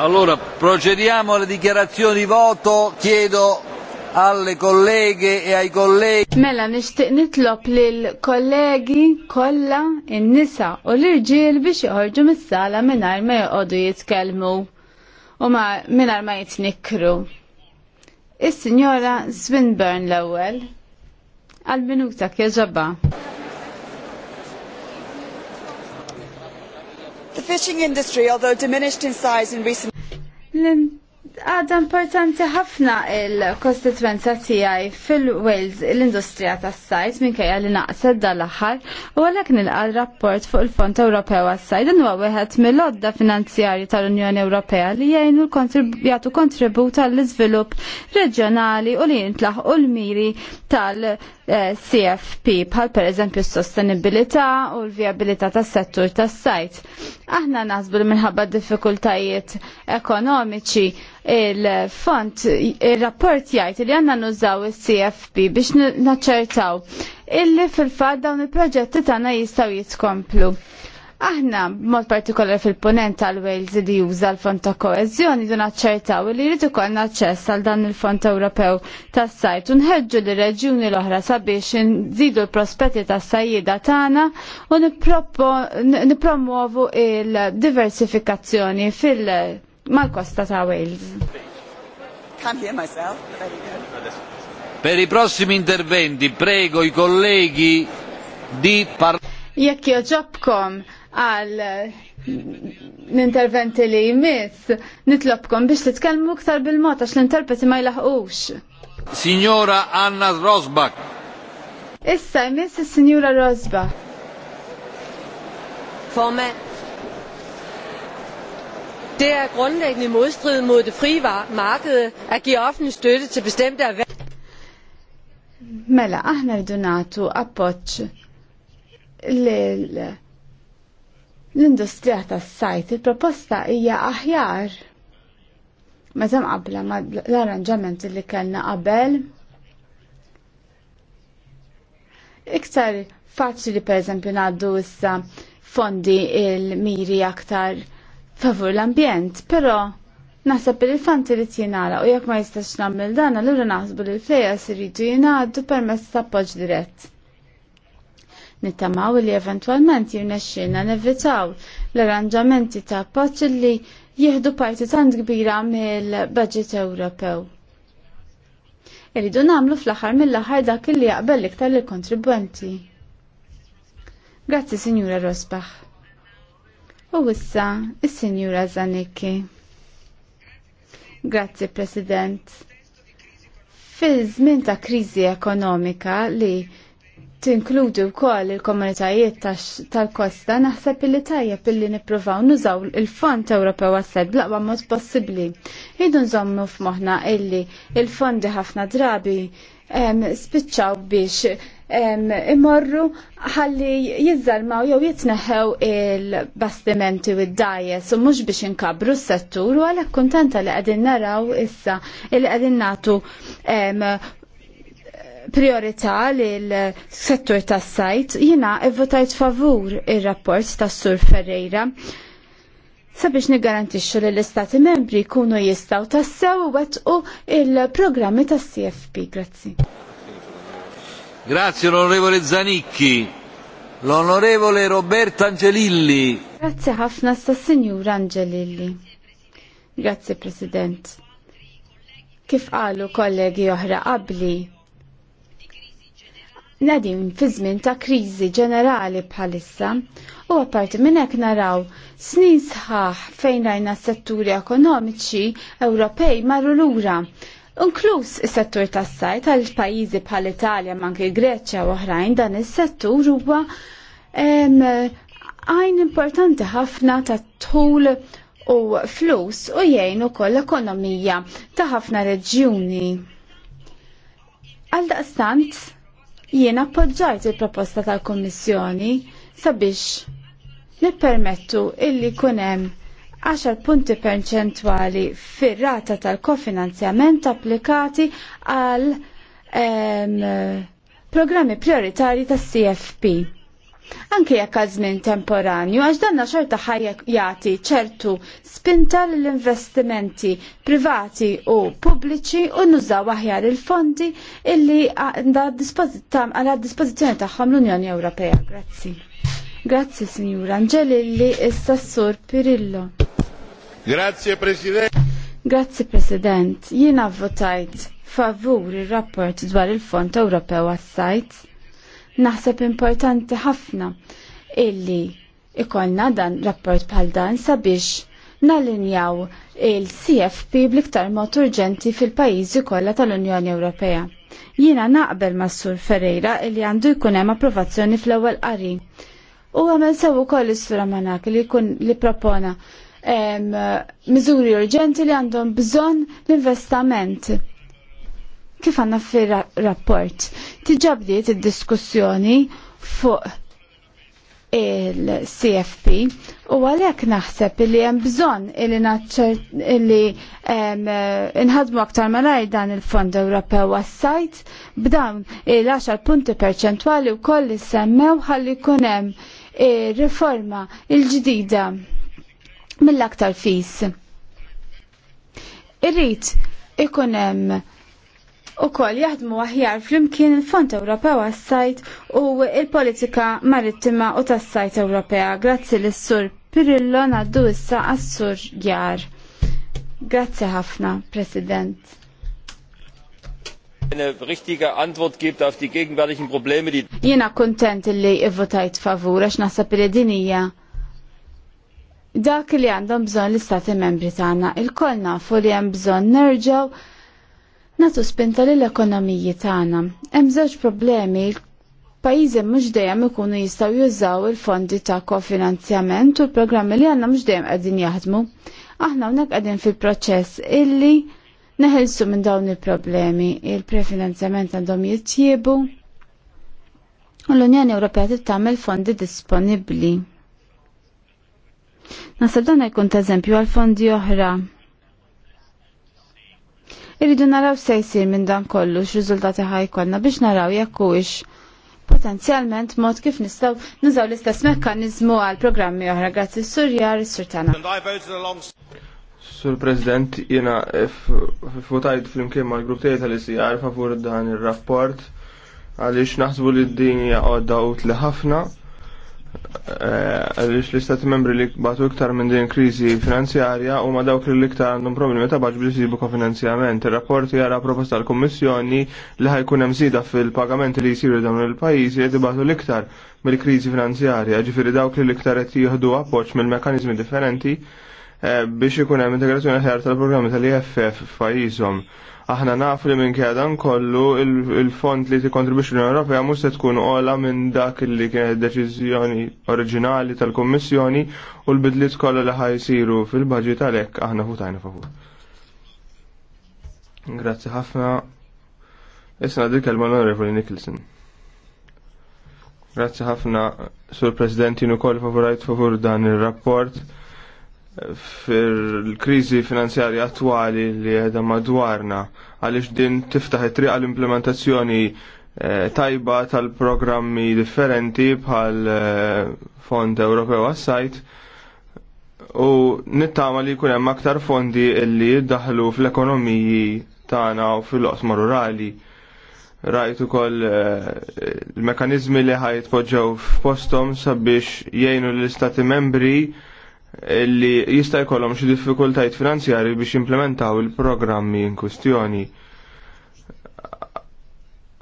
Allora, procediamo alle dichiarazioni di voto. Chiedo alle colleghe e ai colleghi. Mela nixtieq nitlob lil kollegi kollha in-nisa u l-irġiel biex joħorġu mis-sala mingħajr ma joqogħdu jitkellmu u ma mingħajr ma jitnikru. Is-Sinjora Swinburne l-ewwel għal minuta ġabba. The fishing industry, although diminished in size in recent l għada importanti ħafna il-kostituenza tijaj fil-Wales l-industrija tas sajt minn kajja li naqsed dal-axar u għalek nilqa rapport fuq il-Fond Ewropew għas-sajt dan huwa wieħed mill-odda finanzjarji tal-Unjoni Ewropea li jgħinu jagħtu kontribut għall-iżvilupp reġjonali u li jintlaħqu l-miri tal-CFP bħal pereżempju s-sostenibilità u l-vjabilità tas-settur tas-sajt. Aħna naħsbu minħabba diffikultajiet ekonomiċi il-font, il-rapport jgħid li għanna nużaw il-CFP biex naċċertaw illi fil-fat dawn il-proġetti tagħna jistgħu jitkomplu. Aħna, mod partikolari fil-ponent tal-Wales li juża l-fond ta' koezjoni, dun naċċertaw li jrid ikollna aċċess għal dan il-fond Ewropew tas-sajt u nħeġġu li reġjuni l-oħra sabiex nżidu l-prospetti tas sajjida tagħna u nippromuovu il-diversifikazzjoni fil- mal-kosta ta' Wales. Can't hear myself, Per i prossimi interventi prego i colleghi di parlare. Jekk joġobkom għal l-interventi li jmiss, nitlobkom biex titkellmu iktar bil-mod għax l-interpreti ma jlaħqux. Signora Anna Rosbach. Issa jmiss is-Sinjura Rosbach. Fome Det er grundlæggende modstrid mod det frie marked at give offentlig støtte til bestemte erhverv. Mela, aħna rridu nagħtu l-industrija tas-sajt. Il-proposta hija aħjar. Meta mqabbla ma l-arranġament li kellna qabel. Iktar faċli pereżempju ngħaddu issa fondi il-miri aktar favur l-ambjent, però naħseb li l-fanti li tjenala u jekk ma jistax nagħmel dan allura naħsbu li l-flejja siridu jingħaddu permezz ta' appoġġ dirett. Nittamaw li eventualment jirnexxina nevitaw l-arranġamenti ta' appoġġ li jieħdu parti tant kbira mill-budget Ewropew. Irridu namlu fl-aħħar mill-aħħar dak li jaqbel iktar lill kontribwenti Grazzi, Sinjura Rosbach. U issa, il-Sinjura Zanicki. Grazzi, President. Fil-żmien ta' kriżi ekonomika li tinkludu wkoll il-komunitajiet tal-kosta naħseb li tajjeb illi nippruvaw nużaw il-Fond Ewropew għas-sed blaqwa mod possibbli. Idu nżommu f'moħħna illi il-fondi ħafna drabi spiċċaw biex imorru ħalli jizzalmaw jew jitneħew il-bastimenti u id dajes u mux biex inkabru s-settur u għalek kontenta li għadin naraw issa li għadin natu priorità l-settur tas sajt jina votajt favur il-rapport tas Sur Ferreira sabiex nigarantixxu li l-Istati membri jkunu jistaw tassew u il-programmi tas-CFP. Grazzi. Grazie l'onorevole Zanicchi. L'onorevole Roberta Angelilli. Grazie ħafna sta Angelilli. Grazie President. Kif qalu kollegi oħra qabli, Nadim fi żmien ta' kriżi ġenerali bħalissa u apparti minn hekk naraw snin sħaħ fejn rajna setturi ekonomiċi Ewropej marru lura Inkluż is-settur tas-sajt għal pajjiżi bħal Italja manki Greċja u oħrajn dan is-settur huwa għajn importanti ħafna ta' tul u flus u jgħin ukoll l-ekonomija ta' ħafna reġjuni. Għal daqstant jien appoġġajt il-proposta tal-Kommissjoni sabiex nippermettu illi kunem 10 punti perċentwali fir-rata tal-kofinanzjament applikati għal programmi prioritari tas CFP. Anke jekk għal żmien temporanju, għax danna xorta ħajja jagħti ċertu spinta l-investimenti privati u pubbliċi u nużaw aħjar il-fondi illi għandha għal dispożizzjoni tagħhom l-Unjoni Ewropea. Grazzi. Grazzi signora Angelilli e Sassor Pirillo. Grazie President. Grazzi President. Jiena votajt favur ir-rapport dwar il-Fond Ewropew għas-sajt. Naħseb importanti ħafna illi ikollna dan rapport bħal dan sabiex nalinjaw il-CFP bliktar mod urġenti fil-pajjiżi kollha tal-Unjoni Ewropea. Jiena naqbel mas-Sur Ferreira illi għandu jkun hemm approvazzjoni fl-ewwel qari U għamel sewu koll l sura manak li kun li propona miżuri urġenti li għandhom bżon l-investament. Kif għanna fi rapport? Tiġabdiet id-diskussjoni fuq il-CFP u għalek naħseb li hemm bżonn li li inħadmu aktar malaj dan il-Fond Ewropew għas-sajt b'dawn il-10 punti perċentwali wkoll li semmew ħalli jkun hemm riforma il-ġdida mill-aktar fis. Irrit ikun hemm ukoll jaħdmu aħjar flimkien il-Fond Ewropew għas-sajt u il-politika marittima u tas-sajt Ewropea grazzi lis sur Pirillo għaddu issa għas-sur Jar. Grazzi ħafna, President. Eine richtige Antwort gibt auf die gegenwärtigen Probleme die Jiena kontent li votajt favur għax nasab li din hija dak li għandhom bżonn l-istati membri tagħna. Il-koll nafu li hemm bżonn nerġgħu nagħtu spinta lill-ekonomiji tagħna. Hemm żewġ problemi Pajjiżi mhux dejjem ikunu jistgħu jużaw il-fondi ta' kofinanzjament u l-programmi li għandna mhux dejjem qegħdin jaħdmu. Aħna hawnhekk qegħdin fil-proċess illi neħilsu minn dawn il-problemi. Il-prefinanzjament għandhom jittjiebu u l-Unjoni Ewropea tittamel fondi disponibli. Nasab dan jkun ta' eżempju għal fondi oħra. Irridu naraw se jsir minn dan kollu x'riżultati ħajkolna biex naraw jekk huwiex potenzjalment mod kif nistgħu nużaw l-istess mekkaniżmu għal programmi oħra grazzi s-Surjar is-Surtana. Sur President, jena futajt fl-imkien ma' l-grupp tiegħi għal sijar favur dan ir-rapport għaliex naħsbu li d-din hija għodda utli ħafna eh, għaliex l-istati membri li batu iktar minn din kriżi finanzjarja u ma dawk li l-iktar għandhom problemi ta' baġ biex jibu kofinanzjament. Ir-rapport jara proposta tal-Kommissjoni li ħajkun hemm zida fil-pagamenti li jsiru dawn il-pajjiżi li dibatu l-iktar mill-kriżi finanzjarja, ġifiri dawk li l-iktar qed jieħdu appoġġ mill-mekkaniżmi differenti Eh, biex ikun hemm integrazzjoni ħjar tal-programmi tal-IFF f'pajjiżhom. Aħna nafu li minn dan kollu il-fond li t-kontribuċi l-Unjoni Ewropea mhux se tkun ola minn dak li kienet deċiżjoni oriġinali tal-Kummissjoni u l bidlit kollha li ħajsiru fil-baġit għalhekk aħna futajna favur. Grazzi ħafna. Isna dik l-Onorevoli Nicholson. Grazzi ħafna, Sur President, jinu kol favorajt favur dan il-rapport fil-krizi finanzjarja attwali li għedha madwarna għaliex din tiftaħ it-triq għall implementazzjoni eh, tajba tal-programmi differenti bħal eh, Fond Ewropew għas-sajt u nittama li jkun hemm aktar fondi illi jiddaħlu fl-ekonomiji tagħna u fil-qosma rurali rajtu kol eh, il-mekanizmi li ħajt poġġew f'postom sabiex jgħinu l-istati membri li jista' jkollhom xi diffikultajiet finanzjarji biex implementaw il-programmi in kwistjoni.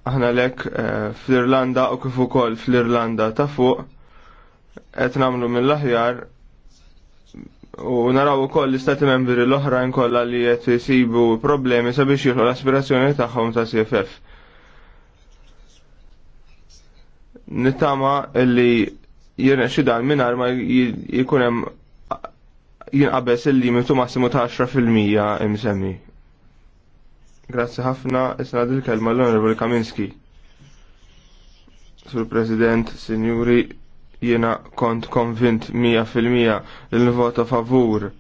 Aħna lek eh, fl-Irlanda u kif ukoll fl-Irlanda ta' fuq qed nagħmlu mill-aħjar u naraw ukoll l-istati membri l-oħrajn kollha li qed isibu problemi sabiex jilħu l-aspirazzjoni tagħhom ta' CFF. Nittama li jirna dan mingħajr ma jkun hemm jinqabes il-limitu massimu ta' 10% imsemmi. Grazzi ħafna, isna dil kelma l-Onorevoli Kaminski. Sur President, Sinjuri, jiena kont konvint 100% il-vota favur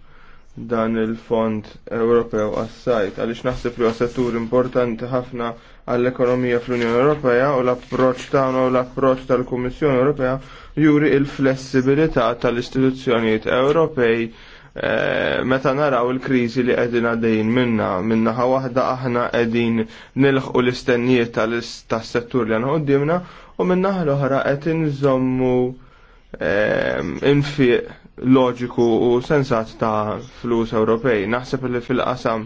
dan il-Fond Ewropew għas-sajt għaliex naħseb li huwa settur importanti ħafna għall-ekonomija fl-Unjoni Ewropea u l-approċċ tagħna u l-approċċ tal-Kummissjoni Ewropea juri l flessibilità tal-istituzzjonijiet Ewropej Eh, meta naraw il-kriżi li qegħdin għaddejjin minna minnaħa waħda aħna qegħdin nilħqu l-istennijiet tas-settur li għandna qudiemna u minnaħa l-oħra qed inżommu ehm, infiq loġiku u sensat ta' flus Ewropej. Naħseb li fil-qasam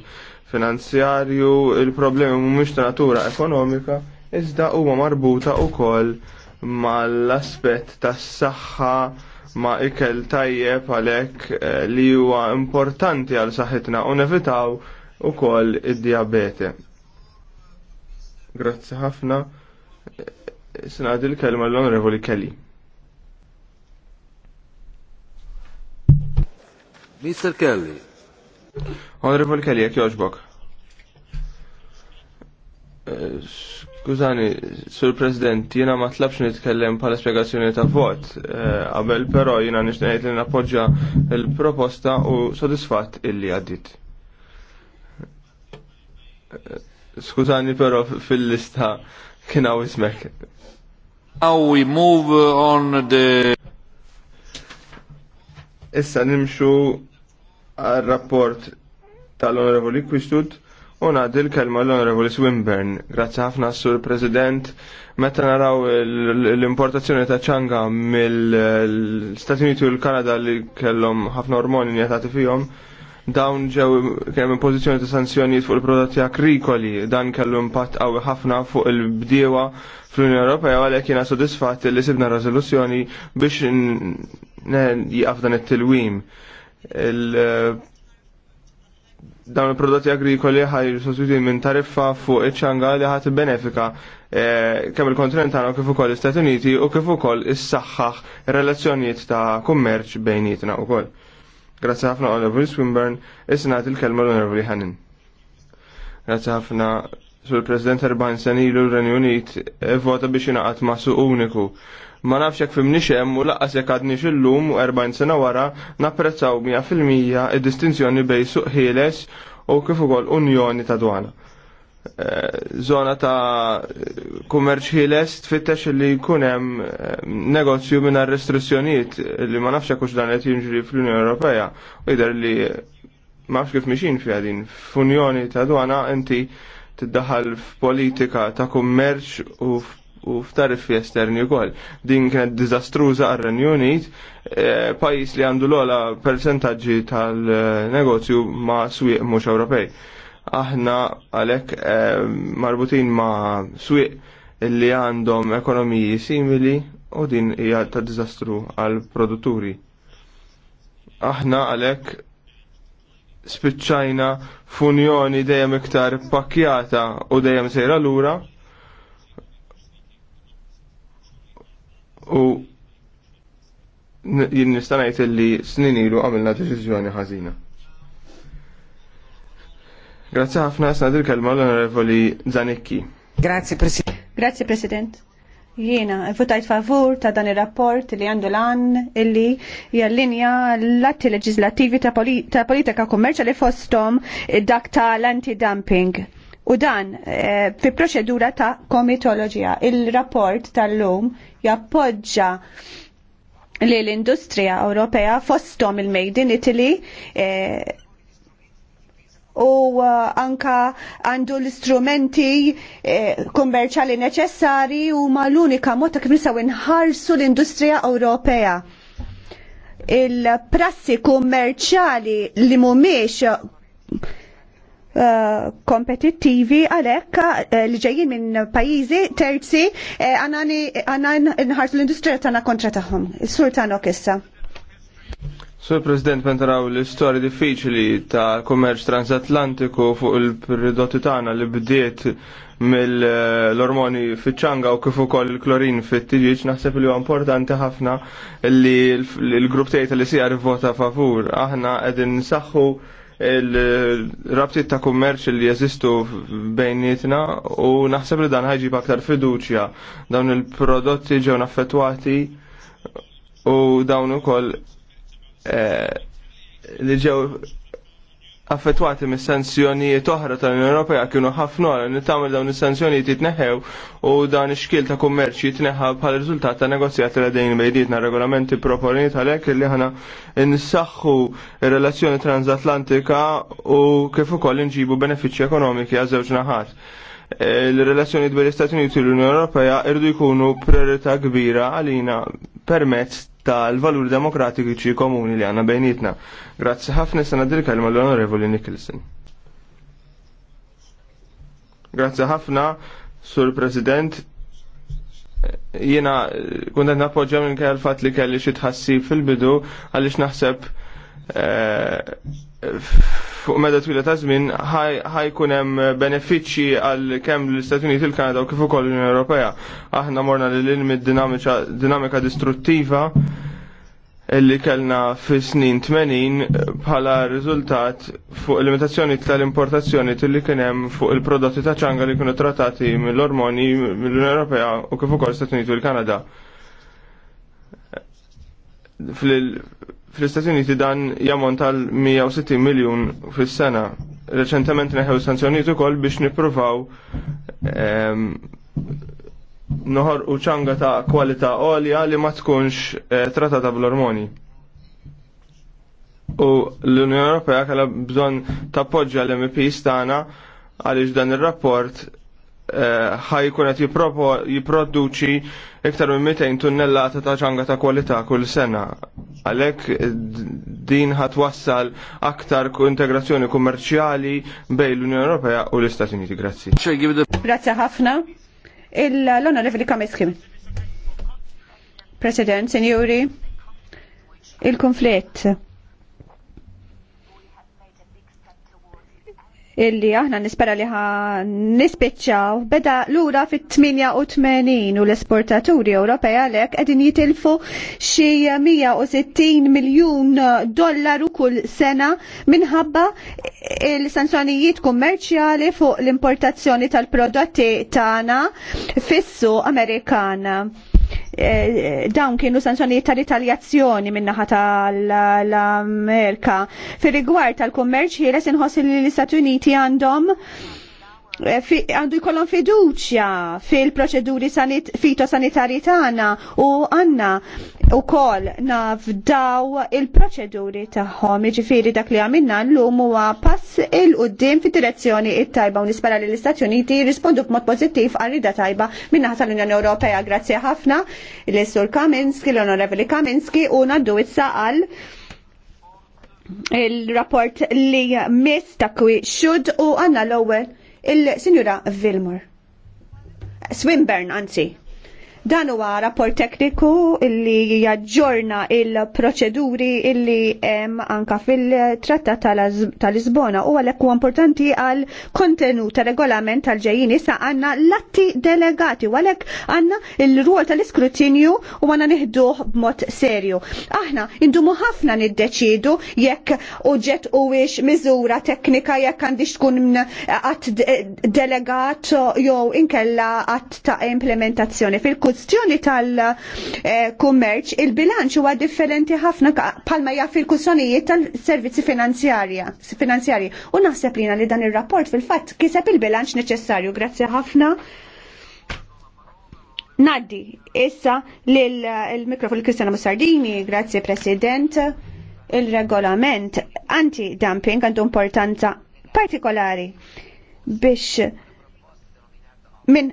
finanzjarju il-problemi mhumiex ta' natura ekonomika iżda huwa marbuta wkoll mal-aspett tas-saħħa ma' ikel tajjeb għalhekk eh, li huwa importanti għal saħħitna u nevitaw ukoll id-diabete. Grazzi ħafna. Eh, eh, Sinad il-kelma l-Onorevoli Kelly. Mr. Kelly. Onorevoli Kelly, jek joġbok. Skużani, Sur President, jiena ma tlabx nitkellem bħala spjegazzjoni ta' vot, eh, qabel però jiena nixtieq li nappoġġja l-proposta u sodisfatt illi għaddit. Eh, skużani però fil-lista kien hawn ismek. Now we move on the Issa nimxu għal rapport tal-Onorevoli Quistud Una ngħaddi l-kelma l-Onorevoli Swinburn. Grazzi ħafna sur President. Meta naraw l-importazzjoni ta' ċanga mill-Stati Uniti u l-Kanada li kellhom ħafna ormoni njetati fihom, dawn ġew kemm pożizzjoni ta' sanzjonijiet fuq il-prodotti agrikoli dan kellu impatt qawwi ħafna fuq il-bdiewa fl-Unjoni Ewropea għalhekk jiena sodisfatt li sibna riżoluzzjoni biex jaqaf dan it-tilwim dawn il-prodotti agrikoli ħaj sostituti minn tariffa fuq iċ-ċanga li ħat benefika eh, kemm il-kontinent tagħna kif ukoll l-Istati Uniti u kif ukoll issaħħaħ relazzjonijiet ta' kummerċ bejnietna wkoll. Grazzi ħafna Oliver Swinburne, isnat il-kelma l-Onorevoli Hannin. Grazzi ħafna Sur President 40 sen ilu l-Renju Unit eh, vota biex ingħaqad ma' suq uniku Ma nafx jekk fimni hemm u laqqas jekk għadni xillum u 40 sena wara napprezzaw 100% id-distinzjoni bej suq ħieles u kif ukoll unjoni ta' dwana. Eh, zona ta' kummerċ ħieles tfittex li jkun hemm eh, negozju minn restrizzjonijiet li ma nafx jekk dan qed jinġri fl-Unjoni Ewropea u jidher li ma nafx kif mixin fiha din. F'unjoni ta' dwana inti tiddaħal f'politika ta' kummerċ u u f'tariffi esterni wkoll. Din kienet diżastruża għar-Renju Unit, e, pajis pajjiż li għandu l-ola percentaġġi tal-negozju ma' swieq mhux Ewropej. Aħna għalhekk e, marbutin ma' swieq li għandhom ekonomiji simili u din hija ta' diżastru għall produtturi. Aħna għalhekk spiċċajna f'unjoni dejjem iktar pakkjata u dejjem sejra lura U jien nistanajt li snin ilu għamilna deċiżjoni ħażina. Grazzi ħafna snad il-kelma l-onorevoli Zanikki. Grazie President. Grazie President. Jiena, votajt favur ta' dan il-rapport li għandu l l-għan illi jallinja l-atti leġislativi ta', poli ta politika li fostom dak ta' l-anti-dumping. U dan e, fi proċedura ta' komitoloġija. Il-rapport tal-lum jappoġġa li l-industrija Ewropea fostom il-Made in Italy eh, u eh, anka għandu l-istrumenti eh, kummerċali eh, neċessari u ma l-unika mod ta' kif nistgħu nħarsu l-industrija Ewropea il-prassi kummerċali li mhumiex Eh, kompetittivi għalhekk eh, li ġejjin minn pajjiżi terzi eh, għandna nħarsu l-industrija tagħna kontra tagħhom. Is-sur Tano kessa. Sur President, raw l-istorja diffiċli ta' kummerċ transatlantiku fuq il-prodotti tagħna li bdiet mill-ormoni fiċ-ċanga u kif ukoll il-klorin fit tiġiċ naħseb li huwa importanti ħafna li l-grupp tejta li sija rivvota favur. Aħna qegħdin saħħu il-rabtiet ta' kummerċ li jeżistu bejnietna u naħseb li dan ħajġib aktar fiduċja dawn il-prodotti ġew naffettwati u dawn ukoll eh, li ġew affettwati mis sanzjonijiet oħra tal-Unjoni Ewropea kienu ħafna għal nittamel dawn is-sanzjonijiet jitneħew u dan ix-xkil ta' kummerċ jitneħa bħal riżultat ta' negozjati li dejn bejdietna regolamenti tal għalhekk li ħana nsaħħu ir-relazzjoni transatlantika u kif ukoll inġibu benefiċċji ekonomiki għal żewġ naħat. Il-relazzjoni e, bejn l-Istati Uniti u l-Unjoni Ewropea irdu jkunu priorità kbira għalina permezz tal-valuri demokratiċi komuni li għanna bejnietna. Grazzi ħafna sena dil-kelma l-Onorevoli Nicholson. Grazzi ħafna, Sur President, jena eh, kundan nappoġġa minn kell fat li kelli xi fil-bidu għaliex naħseb fuq meda twila ta' żmien ħajkun hemm benefiċċji għal kemm l-Istati Uniti il-Kanada u kif ukoll l-Unjoni Ewropea. Aħna morna lil ilmi dinamika distruttiva illi kellna fi snin 80 bħala riżultat fuq limitazzjoni tal-importazzjoni li kien hemm fuq il-prodotti ta' ċanga li kienu trattati mill-ormoni mill-Unjoni Ewropea u kif ukoll l-Istati Uniti u l-Kanada fl-Istati Uniti dan jamont tal 160 miljon fis-sena. Reċentement neħew sanzjoniet ukoll biex nippruvaw ehm, noħor u ċanga ta' kwalità għolja li ma tkunx eh, trattata bl-ormoni. U l-Unjoni Ewropea kellha bżonn tappoġġja l-MPs tagħna għaliex dan ir-rapport ħajkun qed jipproduċi iktar minn 200 tunnellata ta' ċanga ta' kwalità kull sena. Għalhekk din ħatwassal aktar integrazzjoni kummerċjali bejn l-Unjoni Ewropea u l-Istati Uniti. Grazzi. Grazzi ħafna. L-onorevoli kamiskim. President, Senjuri, il-konflitt illi aħna nispera liħa nispiċċaw beda lura fit-88 u l-esportaturi Ewropej għalhekk qegħdin jitilfu xie 160 miljun dollaru kull sena minħabba il-sanzjonijiet kummerċjali fuq l-importazzjoni tal-prodotti tagħna fis Amerikana dawn kienu sanzjonijiet ta' ritaljazzjoni minnaħa tal-Amerika. Fir rigward tal-kummerċ ħieles inħoss li l-Istati Uniti għandhom Eh, għandu jkollhom fiduċja fil-proċeduri fitosanitarji tagħna u għandna wkoll nafdaw il-proċeduri tagħhom. Jiġifieri dak li għamilna llum huwa pass il qudiem fid-direzzjoni it-tajba u nispera li l-Istati Uniti jirrispondu b'mod pożittiv għal-rida tajba minnaħa tal-Unjoni Ewropea. Grazzi ħafna l-Sur Kaminski, l-Onorevoli Kaminski u naddu issa għal il-rapport li mis ta' kwi xud u għanna l-ewwel il-Sinjura Vilmur. Swinburne, anzi. Dan huwa rapport tekniku illi jaġġorna il-proċeduri illi hemm anka fil-Trattat tal-Lisbona u għalhekk huwa importanti għal kontenut ta' regolament tal-ġejjin issa għandna l-atti delegati u għalhekk għandna il-rwol tal-iskrutinju u għandna nieħduh b'mod serju. Aħna indumu ħafna niddeċidu jekk uġġett huwiex miżura teknika jekk għandix tkun qatt delegat jew inkella għatt ta' implementazzjoni fil kwistjoni tal-kummerċ il-bilanċ huwa differenti ħafna palma jaf il kussjonijiet tal-servizzi finanzjarji. U naħseb lina li dan ir-rapport fil-fatt kiseb il-bilanċ neċessarju. Grazzi ħafna. Naddi, issa l-mikrofon Kristjana Mussardini, grazzi President, il-regolament anti-dumping għandu importanza partikolari biex minn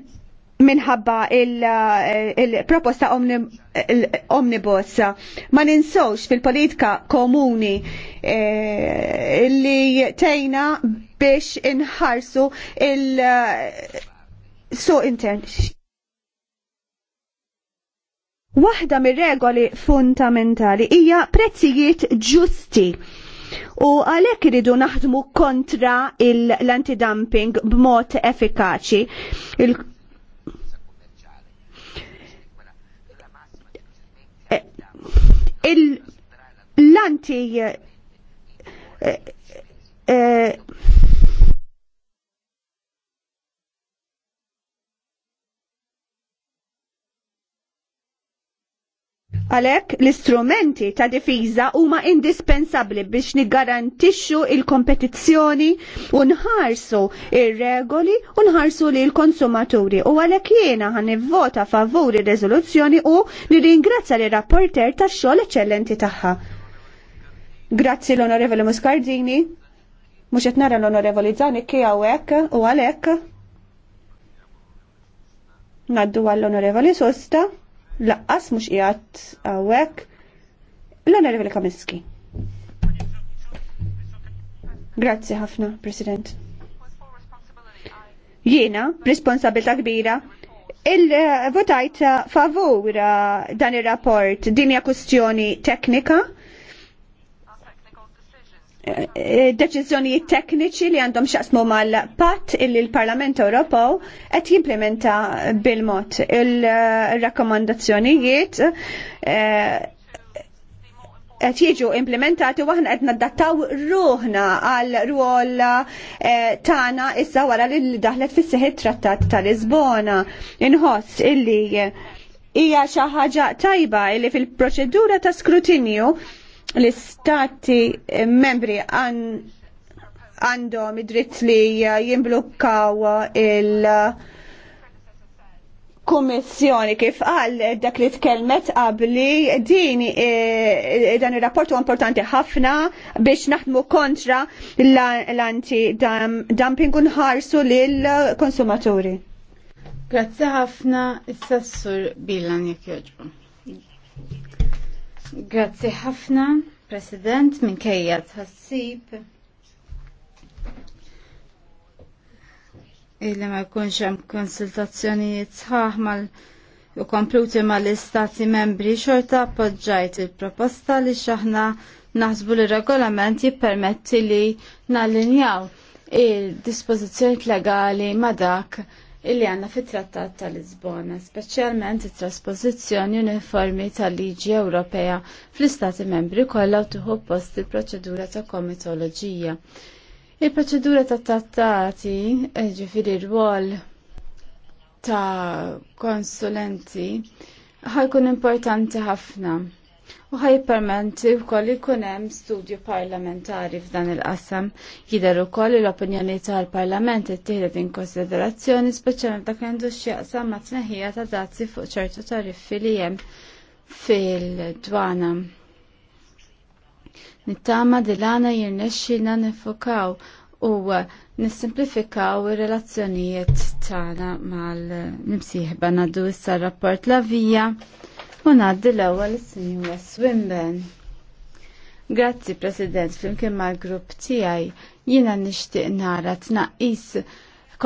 minħabba il-proposta eh, il omnibus. Ma ninsowx fil-politika komuni eh, li tejna biex inħarsu il eh, so intern. Waħda mir-regoli fundamentali hija prezzijiet ġusti. U għalek iridu naħdmu kontra l-antidumping b'mod effikaċi. l lanti eh, eh, Għalek l-istrumenti ta' difiża huma indispensabbli biex niggarantixxu il-kompetizzjoni u nħarsu ir-regoli u nħarsu li l-konsumaturi. U għalek jiena ħan vota favur ir rezoluzzjoni u nirringrazzja li rapporter tax-xogħol eċċellenti tagħha. Grazzi l-Onorevoli Muscardini. Mux qed nara l-Onorevoli Zanikki hawnhekk u għalhekk. Naddu għall-Onorevoli Sosta laqqas mhux qiegħed hawnhekk l-Onorevoli kamiski. Grazzi ħafna, President. Jiena, responsabilta kbira, il-votajt favur dan ir rapport din hija kwestjoni teknika Eh, eh, deċiżjonijiet tekniċi li għandhom xaqsmu mal-pat illi l-Parlament Ewropew qed jimplementa bil-mod il-rakkomandazzjonijiet eh, qed jiġu implementati u aħna qed nadattaw ruħna għal rwol tagħna issa wara li daħlet fis-seħi trattat ta' Lisbona. Inħoss illi hija xi ħaġa tajba illi fil-proċedura ta' skrutinju l-istati membri għan għandhom id-dritt li jimblukkaw il- kummissjoni kif qal dak li tkellmet qabli din eh, dan ir-rapport huwa importanti ħafna biex naħdmu kontra l-anti dumping u nħarsu lil konsumaturi. Grazzi ħafna is-sessur Bilan jekk jogħġbu. Grazzi ħafna, President, minn kejja tħassib. Illi ma jkunx hemm konsultazzjonijiet sħaħ mal u kompluti mal-istati membri xorta appoġġajt il-proposta li xaħna naħsbu li regolament jippermetti li nallinjaw il-dispozizjoni legali ma dak illi għanna fit-trattat tal-Lisbona, speċjalment it trasposizjoni uniformi tal-liġi Ewropea fl-Istati membri kollha u post il-proċedura ta' komitoloġija. Il-proċedura ta' trattati, eh, ġifiri rwol ta' konsulenti, ħajkun importanti ħafna U ħaj permenti u koll ikunem studju parlamentari f'dan il qasam Jider u koll l-opinjoni tal-parlament ittieħdet in konsiderazzjoni speċjalment dak għandu x'jaqsam ma' tneħħija ta' dazzi fuq ċertu tariffi li hemm fil-dwana. Nittama dilana jirnexxina nifukaw u nissimplifikaw ir-relazzjonijiet tagħna mal-nimsieħba ngħaddu issa rapport la vija U ngħaddi l-ewwel is-Sinjura Grazzi President flimkien mal-grupp tiegħi jiena nixtieq nara tnaqqis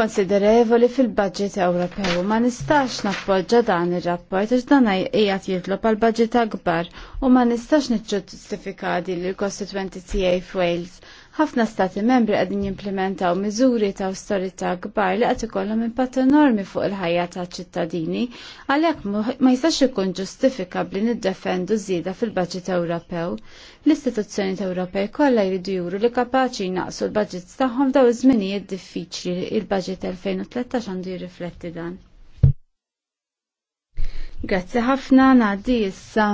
konsiderevoli fil-budget Ewropew ma nistax nappoġġa dan ir-rapport għax dan qiegħed jitlob għal budget akbar u ma nistax niġġustifika li l-kostitwenti tiegħi f'Wales ħafna stati membri qegħdin jimplementaw miżuri ta' awtorità kbar li qed ikollhom impatt enormi fuq il-ħajja ta' ċittadini għalhekk ma jistax ikun bli niddefendu żieda fil-baġit Ewropew. L-istituzzjoni Ewropej kollha jridu juru li kapaċi jnaqsu l-baġit tagħhom daw iż-żminijiet diffiċli il-baġit 2013 għandu jirrifletti dan. Grazzi ħafna ngħaddi issa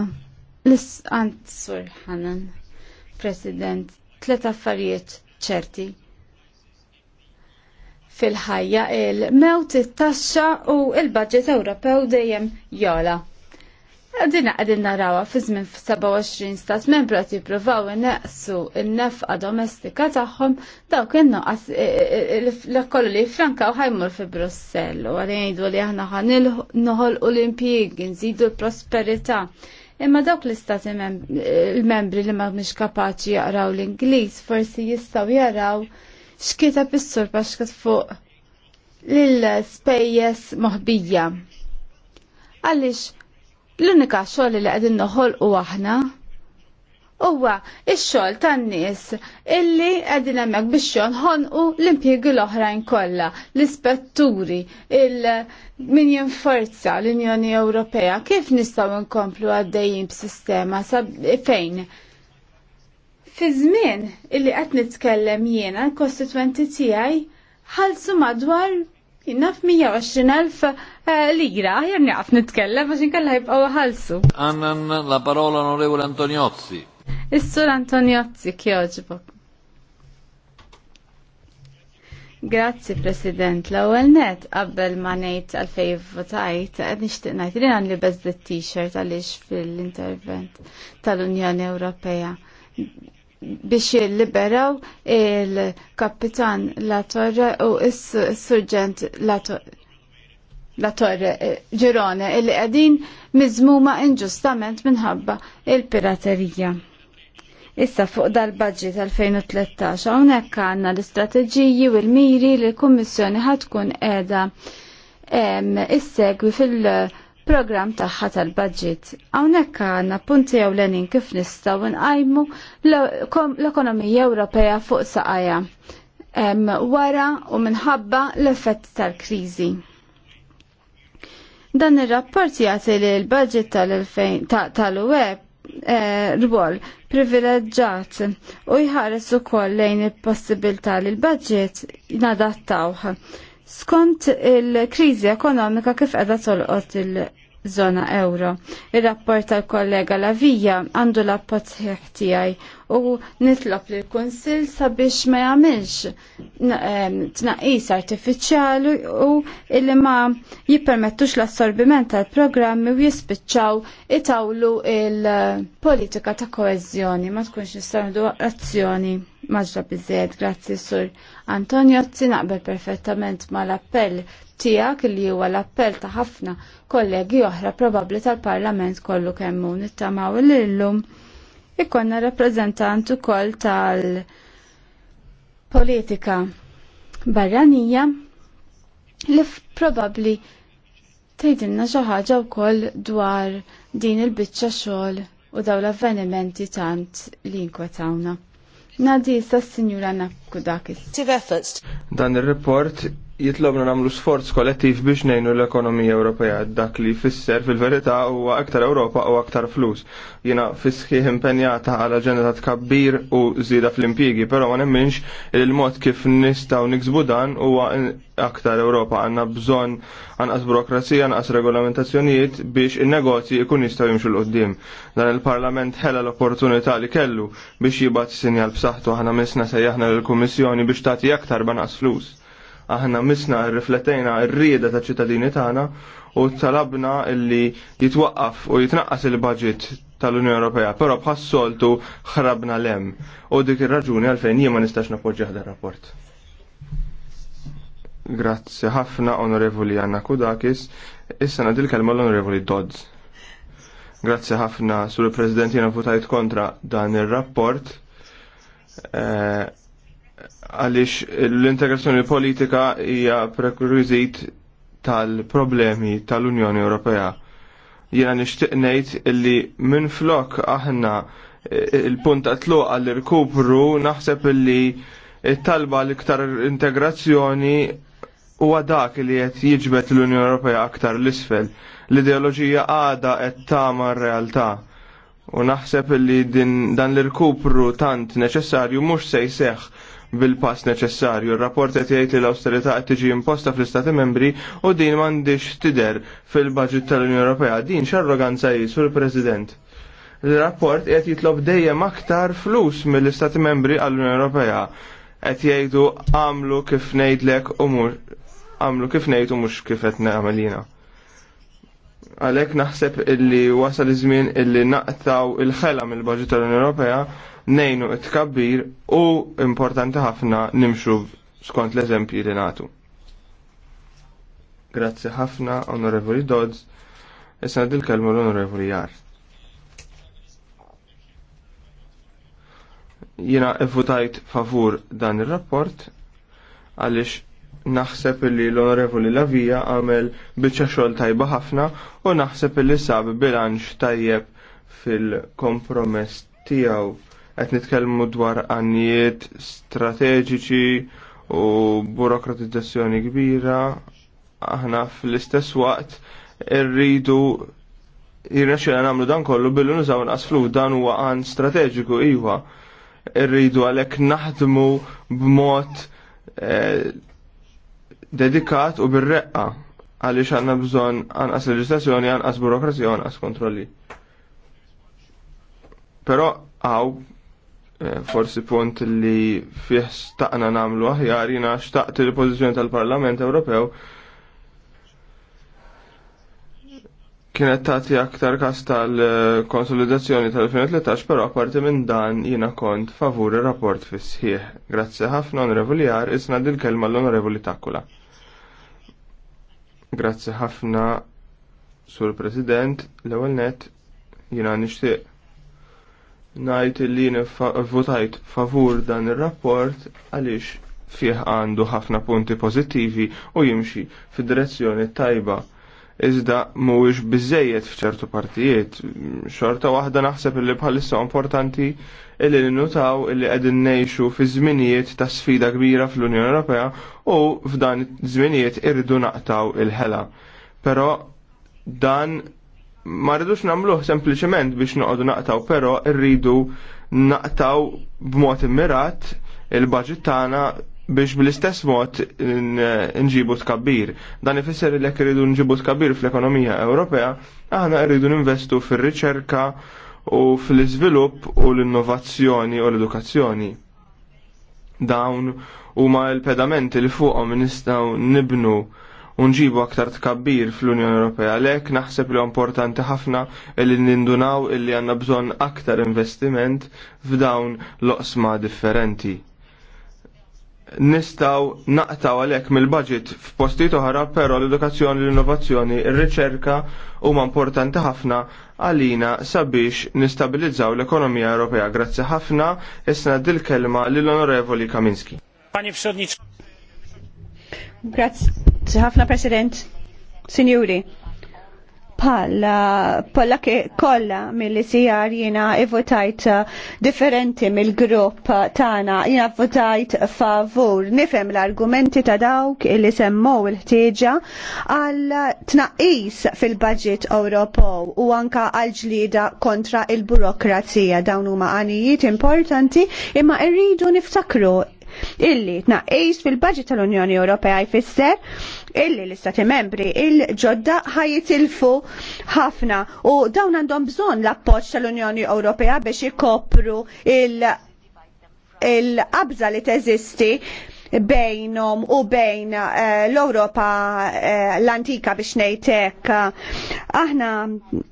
l-isqant Sur Hanan, President tlet affarijiet ċerti. Fil-ħajja il-mewt, it-taxxa u il-budget Ewropew dejjem jola. Għadina għadin narawa fi żmien 27 stat membru għati provaw innaqsu n-nefqa domestika tagħhom dawk kienu e, e, e, l-kollu li franka u ħajmur fi Brussell u għalin jgħidu li aħna ħanil noħol u l-impjieg, nżidu l-prosperità. l prosperita l prosperità Imma dawk l-istati il-membri eh, li ma mhix kapaċi jaqraw l-Ingliż forsi jistgħu jaraw x'kita bis sur baxkat fuq lill-spejjeż moħbija. Għaliex l-unika xogħol li qegħdin noħolqu aħna Uwa, ix-xogħol tan-nies illi qegħdin hemmhekk biex u l-impjiegi l-oħrajn kollha, l-ispetturi, il min jinforza l-Unjoni Ewropea kif nistgħu nkomplu għaddejjin b'sistema fejn. Fi żmien illi qed nitkellem jiena l-kostitwenti tiegħi ħalsu madwar jinaf 120.000 eh, lira, jirni għaf nitkellem, għax kalla jibqaw ħalsu. Għannan la parola onorevole Antoniozzi. Is-sur Antoniozzi kjoġbok. Grazzi President, l-ewwel net qabel ma ngħid fej votajt qed nixtieq ngħid li għandi beż t-t-shirt għaliex fil-intervent tal-Unjoni Ewropea biex jilliberaw il-kapitan La Torre u il surġent La Torre eh, il-li qegħdin miżmuma inġustament minħabba il-piraterija. Issa fuq dal-budget 2013 hawnhekk għandna l-istrateġiji u l-miri li l-Kummissjoni ħatkun qiegħda issegwi fil-programm tagħha tal-budget. Hawnhekk għandna punti ewlenin kif nistgħu nqajmu l-ekonomija Ewropea fuq saqajja wara u minħabba l-effett tal-kriżi. Dan ir-rapport jagħti li l-budget tal-UE Eh, rwol privileġġat u jħares ukoll lejn il-possibilità li l-budget jinadattawh skont il-kriżi ekonomika kif qiegħda tolqot il- zona euro. Il-rapport tal-kollega Lavija għandu l-appot tiegħi u nitlob li l konsil sabiex ma jamilx tnaqqis artificiali u illi ma jippermettux l-assorbiment tal-programmi u jispiċċaw itawlu il-politika ta' koeżjoni ma tkunx nistgħu azzjoni maġra bizzed, Grazzi sur Antonio Zzi naqbel perfettament mal-appell tijak li huwa l-appell ta' ħafna kollegi oħra probabbli tal-Parlament kollu kemmu nittamaw li illum, ikonna rappreżentant ukoll tal-politika barranija li probabbli tgħidilna xi ħaġa wkoll dwar din il-biċċa xogħol u daw l-avvenimenti tant li nkwetawna. Nadi sa' s-Sinjura Nakudakis. Dan il-report jitlobna namlu sforz kollettiv biex nejnu l-ekonomija Ewropea dak li fisser fil-verità huwa aktar Ewropa u aktar flus. Jina fisħiħ impenjata għal aġenda tkabbir u zida fl-impjigi, però ma nemminx il-mod kif nistgħu niksbu dan huwa aktar Ewropa għandna bżonn anqas burokrazija, anqas regolamentazzjonijiet biex in-negozji jkun jistgħu jimxu l-qoddim. Dan il-Parlament ħela l-opportunità li kellu biex jibgħat sinjal b'saħħtu aħna misna sejjaħna lill-Kummissjoni biex tagħti aktar banqas flus aħna misna rriflettejna r-rieda ta' ċittadini tagħna u talabna illi jitwaqqaf u jitnaqqas il-budget tal-Unjoni Ewropea, però bħas-soltu ħrabna lem. U dik ir-raġuni għalfejn jien ma nistax nappoġġi dan rapport. Grazzi ħafna Onorevoli Anna Kudakis. Issa nadil kelma l-Onorevoli Dodds. Grazzi ħafna sur President jiena votajt kontra dan ir-rapport. Eh, għaliex l-integrazzjoni politika hija prekurizit tal-problemi tal-Unjoni Ewropea. Jiena nixtieq ngħid illi minn flok aħna eh, il-punt għatlu għall-irkupru naħseb illi talba l-iktar integrazzjoni huwa dak li qed jiġbed l-Unjoni Ewropea aktar l-isfel. L-ideoloġija għada qed tama r-realtà. U naħseb illi din dan l-irkupru tant neċessarju mhux se jseħħ bil-pass neċessarju. Il-rapport qed jgħid li l-awsterità qed tiġi imposta fl-Istati membri u din m'għandix tider fil-baġit tal-Unjoni Ewropea. Din x'arroganza hi sur President. Il-rapport qed jitlob dejjem aktar flus mill-Istati membri għall-Unjoni Ewropea. Qed jgħidu għamlu kif ngħidlek u mhux għamlu kif ngħidu mhux kif qed nagħmelina. Għalhekk naħseb illi wasal iż-żmien illi naqtaw il-ħela mill-Baġit tal-Unjoni Ewropea nejnu it-kabbir u importanti ħafna nimxu skont l-eżempji li natu. Grazzi ħafna, Onorevoli Dodds. Issa dil kelmu l-Onorevoli Jar. Jena evvutajt favur dan il-rapport għalix naħseb li l-Onorevoli Lavija għamel bieċa xol tajba ħafna u naħseb li sab bilanċ tajjeb fil-kompromess tijaw qed nitkellmu dwar għannijiet strateġiċi u burokratizzazzjoni kbira aħna fl-istess waqt irridu jirnexxilha nagħmlu dan kollu billi nużaw naqsflu dan huwa għan strateġiku iwa irridu għalhekk naħdmu b'mod e, dedikat u bir-reqqa għaliex għandna bżonn anqas leġislazzjoni, anqas burokrazija, anqas kontrolli. Però għaw forsi punt li fih staqna namlu aħjar jina xtaqt il-pozizjoni tal-Parlament Ewropew kienet tagħti aktar kas tal-konsolidazzjoni tal-2013, però apparti minn dan jiena kont favur il rapport fis Grazzi ħafna Onorevoli Jar, isna dil-kelma l-Onorevoli Takkula. Grazzi ħafna Sur President, l-ewwel net jiena nixtieq najt li votajt favur dan il-rapport għalix fih għandu ħafna punti pozittivi u jimxi fid-direzzjoni tajba. Iżda mhuwiex biżejjed f'ċertu partijiet, xorta waħda naħseb li bħalissa importanti illi nutaw illi qegħdin ngħixu fi żminijiet ta' sfida kbira fl-Unjoni Ewropea u f'dan żminijiet irridu naqtaw il-ħela. Però dan ma rridux nagħmluh sempliċement biex noqogħdu naqtaw, però rridu naqtaw b'mod immirat il-budget tagħna biex bl-istess mod nġibu tkabbir. Dan ifisser li jekk rridu nġibu tkabbir fl-ekonomija Ewropea, aħna rridu ninvestu fir-riċerka u fl-iżvilupp u l-innovazzjoni u l-edukazzjoni. Dawn huma l-pedamenti li fuqhom nistgħu nibnu unġibu aktar tkabbir fl-Unjoni Ewropea. Lek naħseb li importanti ħafna li nindunaw illi għanna bżon aktar investiment f'dawn loqsma differenti. Nistaw naqtaw għalek mill-budget f'postijiet oħra, però l-edukazzjoni, l-innovazzjoni, ir-riċerka huma importanti ħafna għalina sabiex nistabilizzaw l-ekonomija Ewropea. Grazzi ħafna, isna dil-kelma lill-Onorevoli Kaminski. Panie Przewodniczący. Grazie. Grazzi ħafna President, Sinjuri. Palla, palla ke kolla mill-li sijar jina votajt uh, differenti mill-grupp tana, jina votajt favur. Nifem l-argumenti ta' dawk illi semmow il-ħtieġa għal tnaqis fil-budget Ewropew u anka għal ġlida kontra il-burokrazija. Dawn huma għanijiet importanti imma irridu niftakru illi tnaqis fil-budget tal-Unjoni Ewropea jfisser illi l-istati membri il-ġodda ħajitilfu ħafna u dawn għandhom bżonn l-appoġġ tal-Unjoni Ewropea biex ikopru il- il-qabża li teżisti bejnom u bejn eh, l-Europa eh, l-antika biex nejtek. Aħna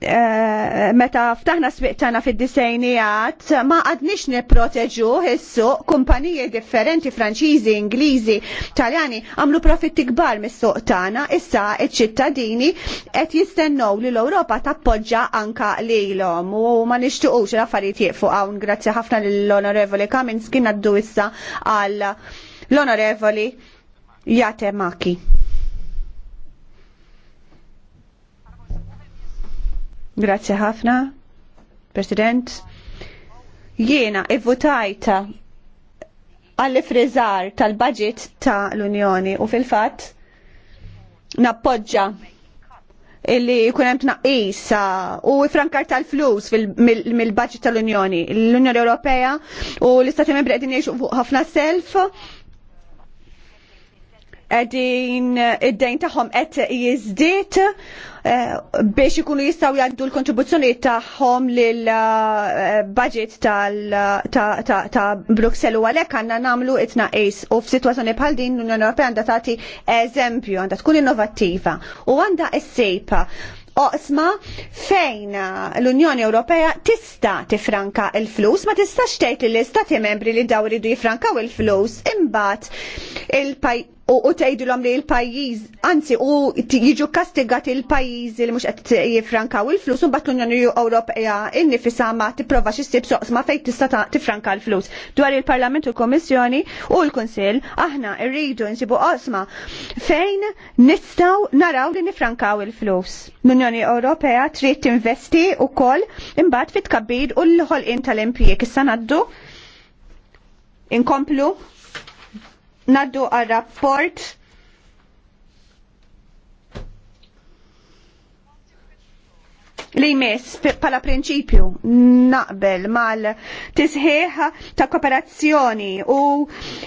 eh, meta ftaħna sbiqtana fid-disejnijat ma għadnix neproteġu hissu kumpaniji differenti franċiżi, Ingliżi, Taljani għamlu profitti kbar mis-suq tagħna, issa iċ-ċittadini qed jistennew li l-Ewropa tappoġġa anka lilhom u ma nixtiequx l-affarijiet jieqfu hawn. Grazzi ħafna lill-Onorevoli Kaminski għaddu issa għal l-onorevoli Jatemaki. Grazie ħafna, President. Jiena ivvutajta għall-ifriżar tal-budget ta' l-Unjoni u fil-fatt nappoġġa illi kunem tnaqqis u frankar tal-flus mill-budget tal-Unjoni. L-Unjoni Ewropea u l-Istati Membri qegħdin jgħixu ħafna self għedin id-dejn taħħom qed jizdiet eh, biex ikunu jistaw jaddu l-kontribuzzjoni taħħom l-budget eh, ta' Bruxelles u għalek għanna namlu itna ace u f-situazzjoni bħal din l-Unjoni Ewropea għanda tagħti eżempju, għanda tkun innovattiva u għanda s-sejpa oqsma fejn l-Unjoni Ewropea tista tifranka il-flus, ma tista tgħid li l-istati membri li daw iridu jifrankaw il-flus imbagħad il pajt u tgħidulhom li l-pajjiż anzi u jiġu kastigati l-pajjiżi li mhux qed u il-flus u mbagħad l-Unjoni Ewropea innifisha ma tipprova xissib soqsma fejn tista' tifranka l-flus. Dwar il-Parlament u l kummissjoni u l-Kunsill aħna rridu nsibu qosma fejn nistgħu naraw li nifrankaw il-flus. L-Unjoni Ewropea trid tinvesti wkoll imbagħad fit-tkabbir u l-ħolqien tal-impjieg. Issa ngħaddu inkomplu naddu għal rapport li jmiss pala prinċipju naqbel mal tisħiħ ta' kooperazzjoni u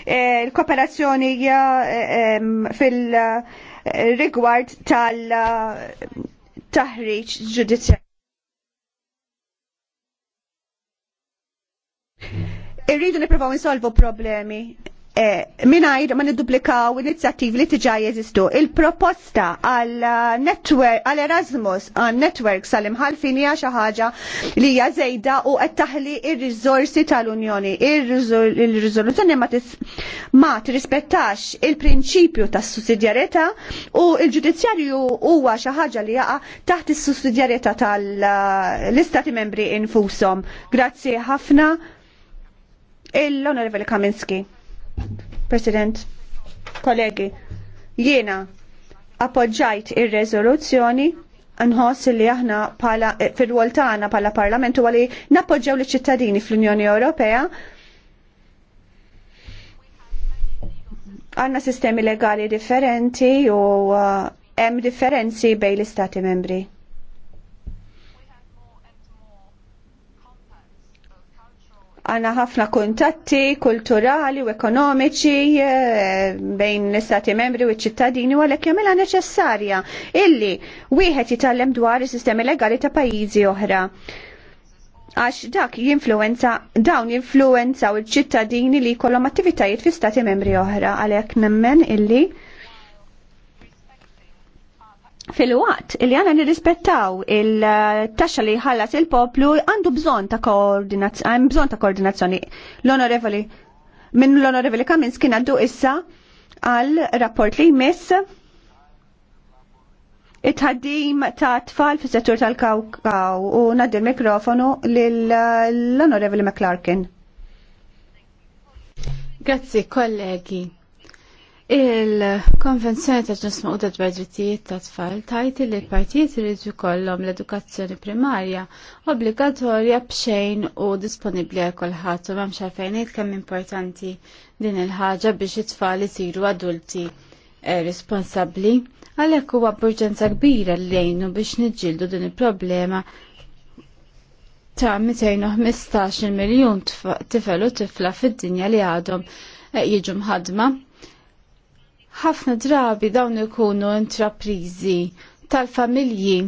eh, l-kooperazzjoni eh, fil-rigward eh, tal-taħriġ ġudizzjoni. Irridu niprofaw insolvu problemi Eh, minajr ma nidduplikaw inizjattivi li tiġa jeżistu. Il-proposta għal eh, network għal Erasmus għal networks għal imħalfin hija xi ħaġa li hija żejda u qed taħli ir-riżorsi tal-Unjoni. Ir-riżoluzzjoni ma tirrispettax il-prinċipju tas-sussidjarjetà u l-ġudizzjarju huwa xi ħaġa li jaqa' taħt is-sussidjarjetà tal-istati eh, membri infushom. Grazzi ħafna. Il-Onorevole Kaminski. President, kollegi, jiena appoġġajt ir rezoluzzjoni nħoss li aħna pala fil-wol tagħna pala Parlament u li nappoġġew li ċittadini fl-Unjoni Ewropea għanna sistemi legali differenti u uh, hemm differenzi bejn l-istati membri. għana ħafna kuntatti kulturali u ekonomiċi eh, bejn l-istati membri u ċittadini u għalek jamela neċessarja illi wieħed jitallem dwar is-sistemi legali ta' pajjiżi oħra. Għax dak jinfluenza, dawn jinfluenza u ċittadini li kollom attivitajiet fi stati membri oħra għalek nemmen illi fil-waqt li għana nirrispettaw il-taxxa li ħallas il-poplu għandu bżon ta' koordinazzjoni, bżon ta' koordinazzjoni. L-onorevoli, minn l-onorevoli Kamins kien għaddu issa għal rapport li jmiss it-ħaddim ta' tfal fis settur tal-kawkaw u naddi l-mikrofonu l-onorevoli McClarkin. Grazzi kollegi. Il-konvenzjoni ta' ġnus u d drittijiet ta' tfal tajt li l-partijiet rridu kollom l-edukazzjoni primarja obbligatorja b'xejn u disponibbli għal kulħadd u m'hemmx għalfejn kemm importanti din il-ħaġa biex it-tfal isiru adulti eh, responsabbli. Għalhekk huwa burġenza kbira l lejnu biex niġġieldu din il-problema ta' 215 miljun tifel u tifla fid-dinja li għadhom eh, jiġu mħadma ħafna drabi dawn ikunu intraprizi tal-familji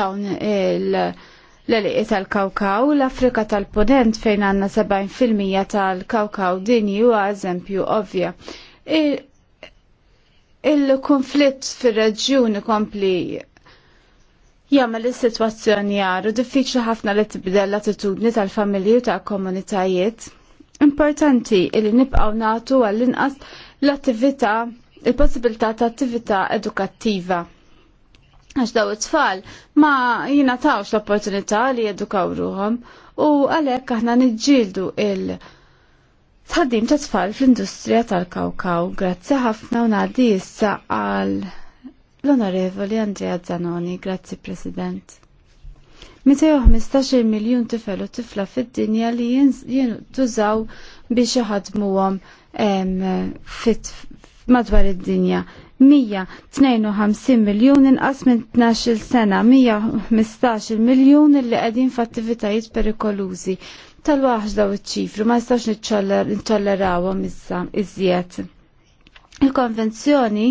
dawn il- l-eliqi tal-kawkaw, l-Afrika tal-Ponent fejn għanna 70% tal-kawkaw dini u eżempju ovvja. Il-konflitt fil-reġjun kompli jagħmel is-sitwazzjoni jaru diffiċli ħafna li tibdel l-attitudni tal-familji u tal-komunitajiet. Importanti li nibqgħu nagħtu għall-inqas l-attività, il-possibilità ta' attività edukattiva għax daw it-tfal ma jinatawx l-opportunità li jedukaw ruħom u għalek aħna nġildu il- Tħaddim ta' tfal fl-industrija tal-kawkaw, grazzi ħafna u nadi issa għal l-onorevoli Andrea Zanoni, grazzi President. 215 miljon tifel u tifla fid-dinja li jintużaw biex jħadmuhom fit madwar id-dinja. 152 miljon inqas minn 12 sena, 115 miljon li qegħdin f'attivitajiet perikolużi. Tal-waħx daw iċ-ċifru ma jistax niċċollerawhom issa iżjed. Il-konvenzjoni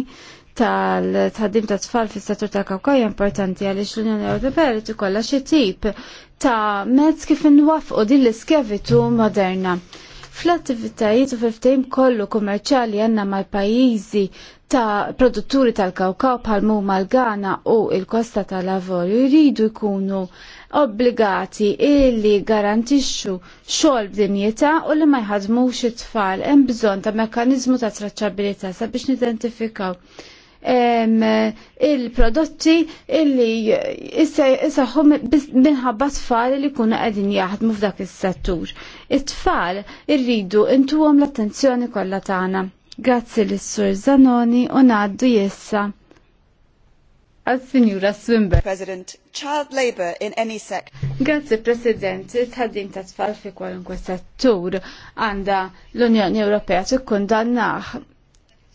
tal-tħaddim ta' tfal fis settur ta' kawkaj importanti għaliex l-Unjoni Ewropea li tikollha xi tip ta' mezz kif inwafqu din l-iskevitu moderna. Fl-attivitajiet u fil-ftejm kollu kummerċali għanna mal-pajizi ta' produtturi tal-kawkaw bħal muma l-Ghana u il-Kosta tal-Lavorju jridu jkunu obbligati illi garantixxu xogħol b'dinjità u li ma jħadmux it-tfal hemm bżonn ta' mekkaniżmu ta' traċċabilità sabiex nidentifikaw um, il-prodotti illi jisaxħu minħabba tfal li kuna għedin jaħdmu f'dak il settur It-tfal irridu intu għom l-attenzjoni kolla tagħna. Grazzi l-Sur Zanoni u ngħaddu jissa għal-Sinjura Swimber. President, child labor in any sect. Grazie, President. Il-tħaddim ta' tfal fi kwalunkwe settur għanda l-Unjoni Ewropea t-kundannaħ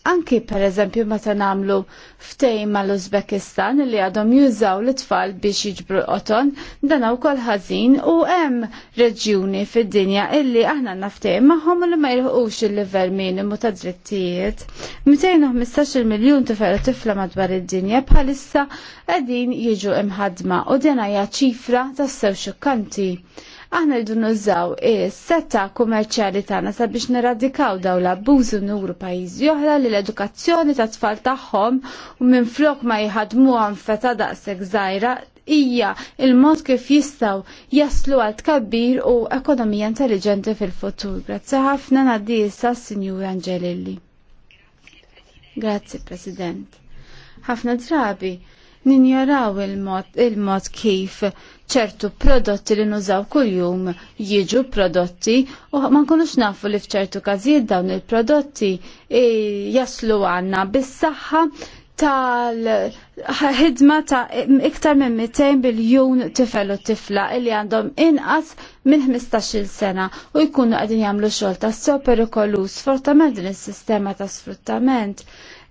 Anki per eżempju meta nagħmlu ftejn mal-Uzbekistan li għadhom jużaw l-tfal biex jiġbru qoton, dan kol ħażin u hemm reġjuni fid-dinja illi aħna naftejn magħhom li ma jilħqux il-livell minimu ta' drittijiet. 215 miljun tifel tifla madwar id-dinja bħalissa qegħdin jiġu imħadma u din hija ċifra tas-sew xukkanti. Aħna rridu nużaw is-setta kummerċjali tagħna sabiex neradikaw daw l-abbużu nuru pajjiżi oħra li l-edukazzjoni ta' tfal tagħhom u minflok ma jħadmuhom feta daqshekk żgħira hija il-mod kif jistgħu jaslu għal tkabbir u ekonomija intelligenti fil-futur. Grazzi ħafna ngħaddi issa Sinjur Angelilli. Grazzi President. Ħafna drabi ninjaraw il-mod kif ċertu prodotti li nużaw kuljum jiġu prodotti u ma nkunux nafu li fċertu każijiet dawn il-prodotti eh, jaslu għanna bis-saħħa tal-ħidma ta' iktar minn 200 biljun tifel u tifla illi għandhom inqas minn 15-il sena u jkunu għadin jagħmlu xogħol ta' super kollu sfruttament din is-sistema ta' sfruttament.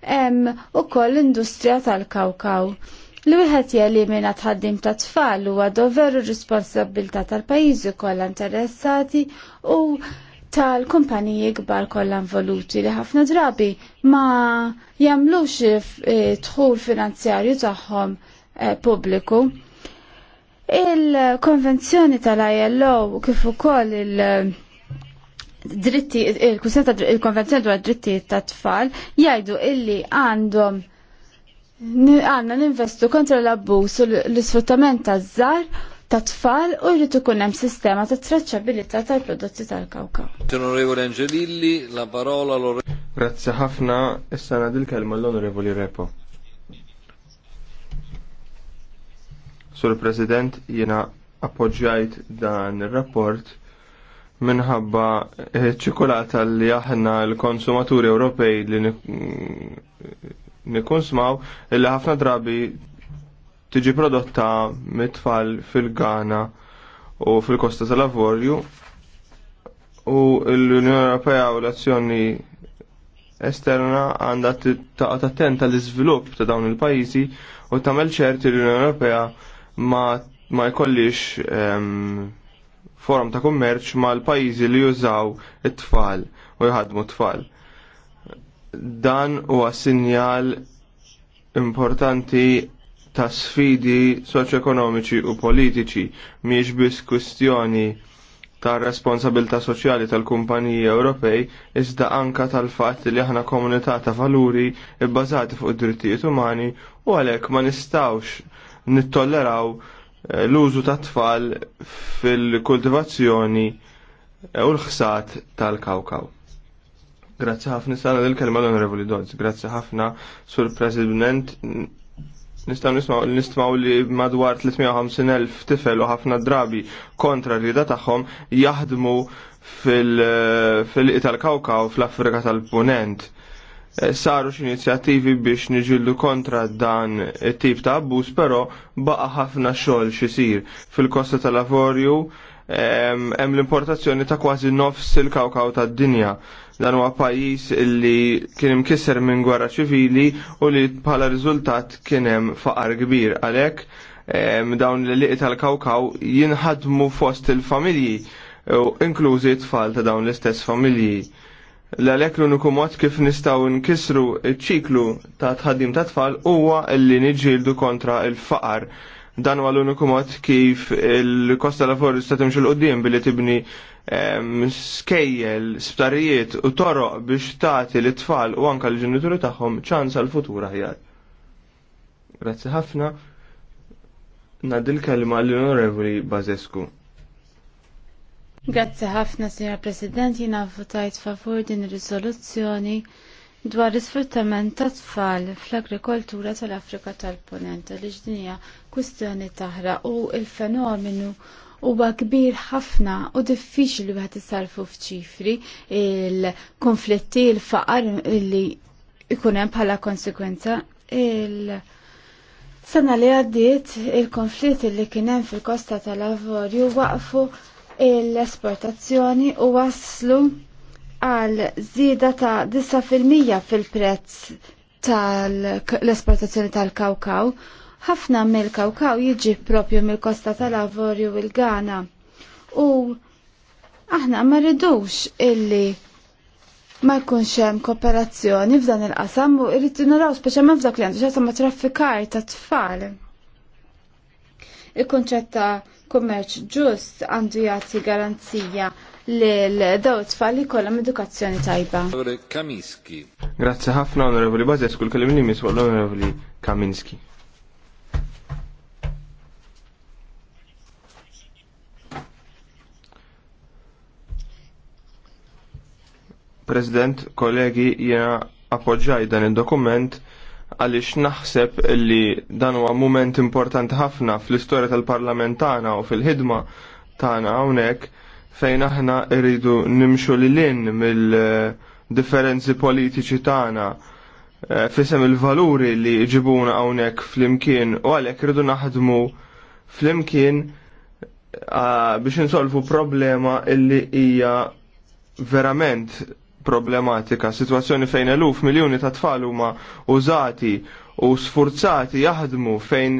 Hemm ukoll l-industrija tal-kawkaw. -kaw Li wieħed jelimina tħaddim ta' tfal huwa doveru responsabilità tal-pajjiżi kollha interessati u tal-kumpaniji kbar kollha involuti li ħafna drabi ma jagħmlux dħul finanzjarju tagħhom pubbliku. Il-konvenzjoni tal-ILO kif ukoll il- dritti, il-konvenzjoni dwar drittijiet tat tfal jgħidu illi għandhom Għanna ninvestu kontra l-abbus u l-sfruttament ta' zzar ta' tfal u jrid ikun hemm sistema ta' traċċabilità tal-prodotti tal-kawkaw. Onorevole Angelilli, la parola l Grazzi ħafna, issa nadil kelma l-Onorevoli Repo. Sur President, jiena appoġġjajt dan ir-rapport minħabba eh, ċikolata li aħna l-konsumaturi Ewropej li nikun smaw illi ħafna drabi tiġi prodotta mitfall fil-Ghana u fil-Kosta tal-Avorju u l-Unjoni Ewropea u l-azzjoni esterna għandha taqgħod attenta l iżvilupp ta' dawn il-pajjiżi u tagħmel ċerti l-Unjoni Ewropea ma, ma jkollix ehm, forum ta' kummerċ mal pajjiżi li jużaw it-tfal u jħadmu t-tfal. Dan huwa sinjal importanti ta' sfidi soċjoekonomiċi u politiċi miex biss kwistjoni ta' responsabilità soċjali tal-kumpaniji Ewropej iżda anka tal-fatt li aħna komunità ta' valuri bbażati fuq id-drittijiet umani u għalhekk ma nistawx nittolleraw eh, l-użu ta' tfal fil-kultivazzjoni u l-ħsat tal-kawkaw. Grazzi ħafna sana l-kelma l-Onorevoli Dodds. Grazzi ħafna sur President. Nistaw nismaw, nismaw li madwar 350.000 tifel u ħafna drabi kontra rida tagħhom jaħdmu fil-Ital Kawka u fl-Afrika tal-Punent. Eh, saru x'inizjattivi biex niġillu kontra dan it-tip ta' abbuż, però baqa' ħafna xogħol xisir fil-Kosta tal-Lavorju hemm l-importazzjoni ta' kważi nofs il-kawkaw tad-dinja. Dan huwa pajjiż li kien imkisser minn gwerra ċivili u li bħala riżultat kien hemm faqar kbir għalhekk dawn l-liq tal-kawkaw jinħadmu fost il-familji u inklużi tfal ta' dawn l-istess familji. L-għalek l-uniku mod kif nistaw nkisru ċiklu ta' tħaddim ta' tfal huwa illi niġġieldu kontra il-faqar dan huwa l-uniku mod kif il-Kosta la Foresta timxu l-qoddim billi tibni skejjel, sptarijiet u toroq biex tagħti l tfal u anka l-ġenituri tagħhom ċans għal futura aħjar. Grazzi ħafna. Nadil kelma l-Onorevoli Bazescu. Grazzi ħafna, Signor President, jina votajt favur din risoluzzjoni dwar l-isfruttament ta' tfal fl-agrikoltura tal-Afrika tal ponente li ġdinija kwistjoni taħra u il-fenomenu huwa kbir ħafna u diffiċli wieħed isarfu f'ċifri il-konflitti, il-faqar li ikun hemm bħala konsekwenza il- Sena li għaddiet il konflitti li kien hemm fil-kosta tal-Avorju waqfu l-esportazzjoni u waslu għal żieda ta' 9% fil-prezz tal-esportazzjoni tal-kawkaw. tal esportazzjoni tal kawkaw ħafna mill-kawkaw jiġi propju mill-kosta tal-Avorju u l U aħna ma rridux illi ma jkunx hemm kooperazzjoni f'dan il-qasam u irrid naraw speċjalment f'dak li għandu ma' traffikar ta' tfal. il kunċett ta' kummerċ ġust għandu jagħti garanzija lil daw tfal li kollhom edukazzjoni tajba. Grazzi ħafna onorevoli Bazes, kull kellimni miswa l-onorevoli Kaminski. President, kollegi, jena appoġġaj dan il-dokument għaliex naħseb li dan huwa moment importanti ħafna fl-istorja tal-Parlament tagħna u fil-ħidma tagħna hawnhekk fejn aħna rridu nimxu li lin mill-differenzi politiċi tagħna eh, fisem il-valuri li ġibuna hawnhekk flimkien u għalhekk rridu naħdmu flimkien eh, biex insolvu problema illi hija verament problematika, situazzjoni fejn eluf miljoni ta' tfal huma użati u sfurzati jaħdmu fejn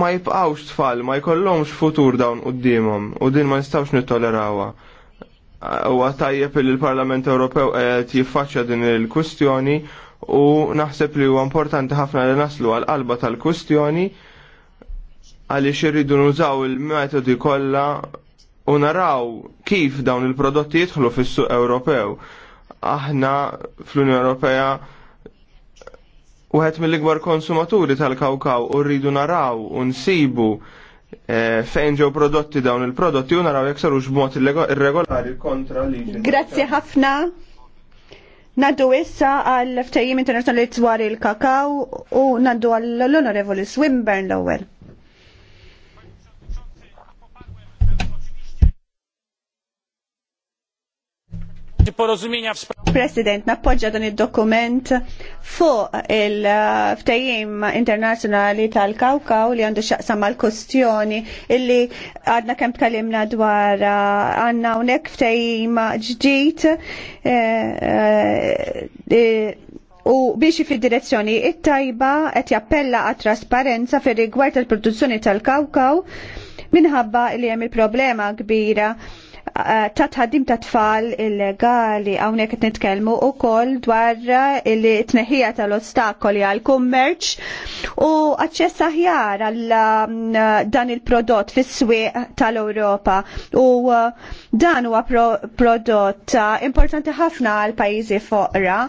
ma jibqawx tfal, ma jkollhomx futur dawn qudiemhom u din ma nistgħux nittolerawha. Huwa tajjeb li l-Parlament Ewropew qed jiffaċċja din il-kwistjoni u naħseb li huwa importanti ħafna li naslu għal qalba tal-kwistjoni għaliex irridu nużaw il-metodi kollha u naraw kif dawn il-prodotti jidħlu fis-suq Ewropew. Aħna fl-Unjoni Ewropea uħet mill-ikbar konsumaturi tal-kawkaw u rridu naraw u nsibu eh, fejn ġew prodotti dawn il-prodotti u naraw jekk sarux b'mod irregolari kontra li. Grazzi ħafna. Naddu issa għall ftajim internazzjonali dwar il-kakaw u naddu għall-onorevoli Swinburne l-ewwel. President, nappoġġa dan id-dokument fuq il-ftajim internazzjonali tal-Kawkaw li għandu xaqsam mal kustjoni illi għadna kemm tkallimna dwar uh, għanna unek ftajim ġdid uh, uh, u biex fi direzzjoni it-tajba qed jappella għat trasparenza fir rigward tal-produzzjoni tal-Kawkaw minħabba li hemm il-problema kbira ta' tħaddim ta' tfal illegali hawnhekk qed nitkellmu wkoll dwar it tneħija tal-ostakoli għal kummerċ u aċċess aħjar għal mm, dan il-prodott fis-swieq tal-Ewropa u uh, dan huwa prodott uh, importanti ħafna għal pajjiżi foqra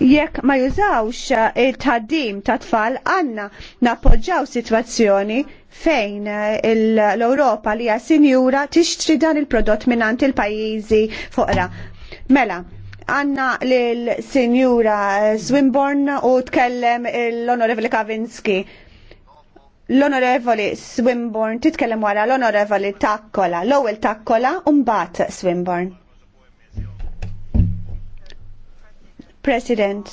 jekk ma jużawx uh, it-tħaddim ta' tfal għandna nappoġġaw sitwazzjoni fejn eh, l-Europa li hija sinjura tixtri dan il-prodott minant il-pajjiżi foqra. Mela, għanna l-Sinjura Swinburne u tkellem l-Onorevoli Kavinski. L-Onorevoli Swinburne titkellem wara l-Onorevoli Takkola, l-ewwel Takkola u mbagħad Swinburne. President,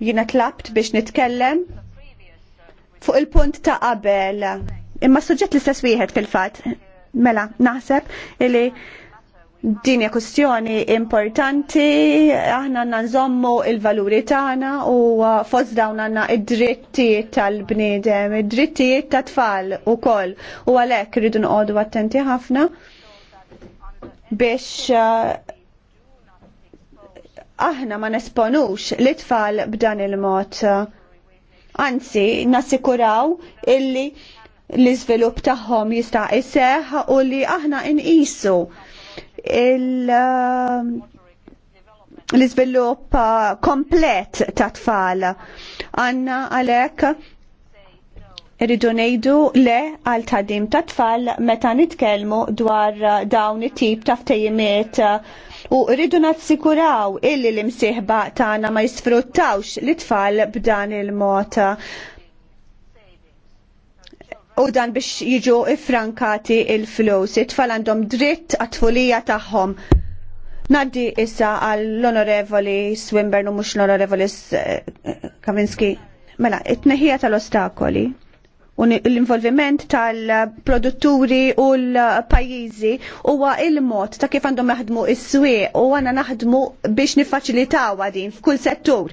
jina tlabt biex nitkellem fuq il-punt ta' qabel. Imma suġġett l-istess wieħed fil-fatt. Mela, naħseb li din kustjoni importanti, aħna għandna nżommu il-valuri tagħna u fost dawn għanna id-drittijiet tal-bniedem, id-drittijiet ta' tfal ukoll u għalhekk irridu nqogħdu attenti ħafna biex uh, aħna ma nesponux l tfal b'dan il-mod anzi nasikuraw illi l-iżvilupp tagħhom jista' iseħ u li aħna nqisu um, l-iżvilupp uh, komplet ta' tfal. Għanna għalhekk rridu ngħidu le għal tadim ta' tfal meta nitkellmu dwar dawn it-tip ta' ftejimiet uh, u rridu nassikuraw illi l-imsieħba tagħna ma jisfruttawx l-tfal b'dan il-mod u dan biex jiġu ifrankati il-flus. It-tfal għandhom dritt għat-tfulija tagħhom. Naddi issa għall-onorevoli Swinburne u mux l-onorevoli eh, Kaminski. Mela, it-neħija tal-ostakoli l-involviment tal-produtturi u l-pajjiżi huwa il-mod ta' kif għandhom jaħdmu is-swieq u għandna naħdmu biex niffaċilitaw din f'kull settur.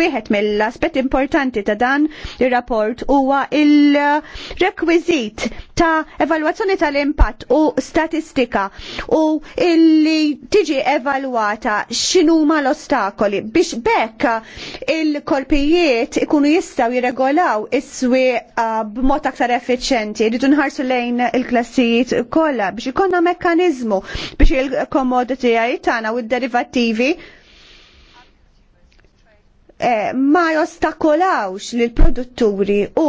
Wieħed mill-aspett importanti ta' dan ir-rapport huwa il-rekwiżit ta' evalwazzjoni tal-impatt u statistika u illi tiġi evalwata x'inhuma l-ostakoli biex bekk il-kolpijiet ikunu jistgħu jirregolaw is-swieq b'mod aktar effiċjenti. Rridu nħarsu lejn il-klassijiet kollha biex ikollna mekkaniżmu biex il-komoditi tagħna u d-derivattivi Eh, ma jostakolawx l produtturi u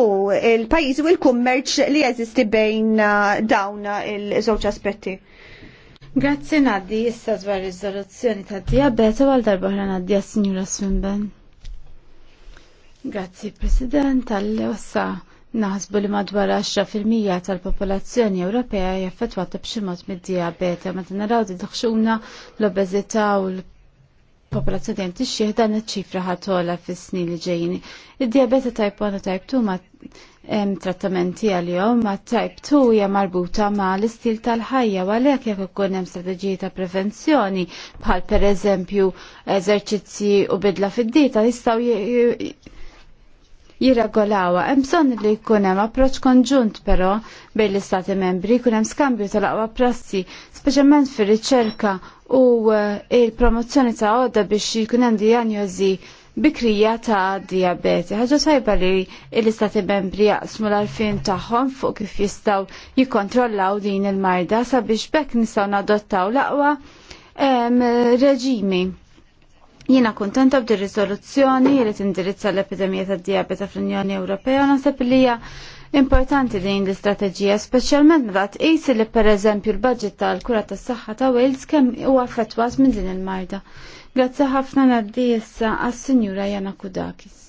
il pajiz u l-kummerċ li jeżisti bejn eh, dawn il-żewġ aspetti. Grazzi Naddi, issa dwar riżoluzzjoni ta' diabete għal darba ħra Naddi għas-Sinjura Swinben. Grazzi President, għall-wassa Naħsbu li madwar 10% tal-popolazzjoni Ewropea jaffettwata b'xi mod mid-diabete, meta naraw di l obezita u l popolazzjoni hemm tixxieħ dan iċ-ċifra ħatola fis-snin li ġejjin. Id-diabete type 1 u type 2 ma hemm trattamenti għalihom, ma type 2 hija marbuta ma l-istil tal-ħajja u għalhekk jekk ikun hemm strateġiji ta' prevenzjoni bħal pereżempju eżerċizzji u bidla fid-dieta jistgħu jirregolawha. Hemm bżonn li jkun hemm approċċ konġunt però bejn l-Istati membri, jkun hemm skambju tal-aqwa prassi, speċjalment fir-riċerka u eh, il-promozzjoni ta' għodda biex jkun hemm dijanjosi bikrija ta' diabete. Ħaġa sajba li l-istati membri jaqsmu l-arfin tagħhom fuq kif jistgħu jikkontrollaw din il-marda sabiex bekk nistgħu nadottaw l-aqwa reġimi Jiena kuntenta b'dir rizoluzzjoni li tindirizza l-epidemija tad diabeta fl-Unjoni Ewropea naħseb li hija importanti din l-istrateġija, speċjalment meta tqis li pereżempju l-budget tal-kura tas-saħħa ta' Wales kemm huwa affettwat minn din il-marda. Grazzi ħafna ngħaddi issa għas-Sinjura Jana Kudakis.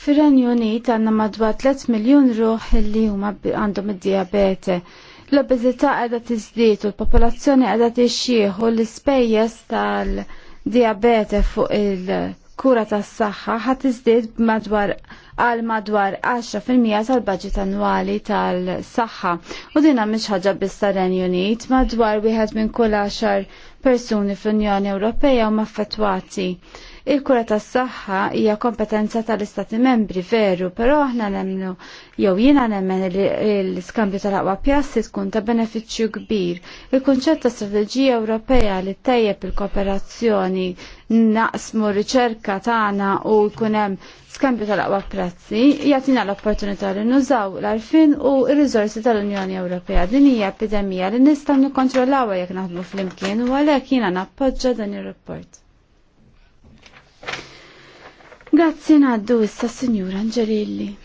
Fir-Renju Unit għandna madwar 3 miljun ruħ li huma għandhom id-diabete L-obezità qiegħda izdiet u l-popolazzjoni qiegħda tixxieħ u l-ispejjeż tal-diabete fuq il-kura tas-saħħa t-izdiet madwar għal madwar 10% tal-budget annwali tal-saħħa u dina mhix ħaġa bista Unit madwar wieħed minn kull 10 persuni fl-Unjoni Ewropea huma affettwati. Il-kura tas saħħa hija kompetenza tal-Istati membri veru, però aħna nemmnu jew jiena nemmen l-iskambju tal-aqwa pjassi tkun ta' benefiċċju kbir. Il-kunċett ta' strateġija Ewropea li tejjeb il-kooperazzjoni naqsmu riċerka tagħna u jkun hemm skambju tal-aqwa prezzi jagħtina l-opportunità li nużaw l-arfin u r-riżorsi tal-Unjoni Ewropea. Din hija epidemija li nistgħu nikkontrollawha jekk naħdmu flimkien u għalhekk jiena nappoġġa dan ir-rapport. Grazzi naddu issa Signor Angelilli.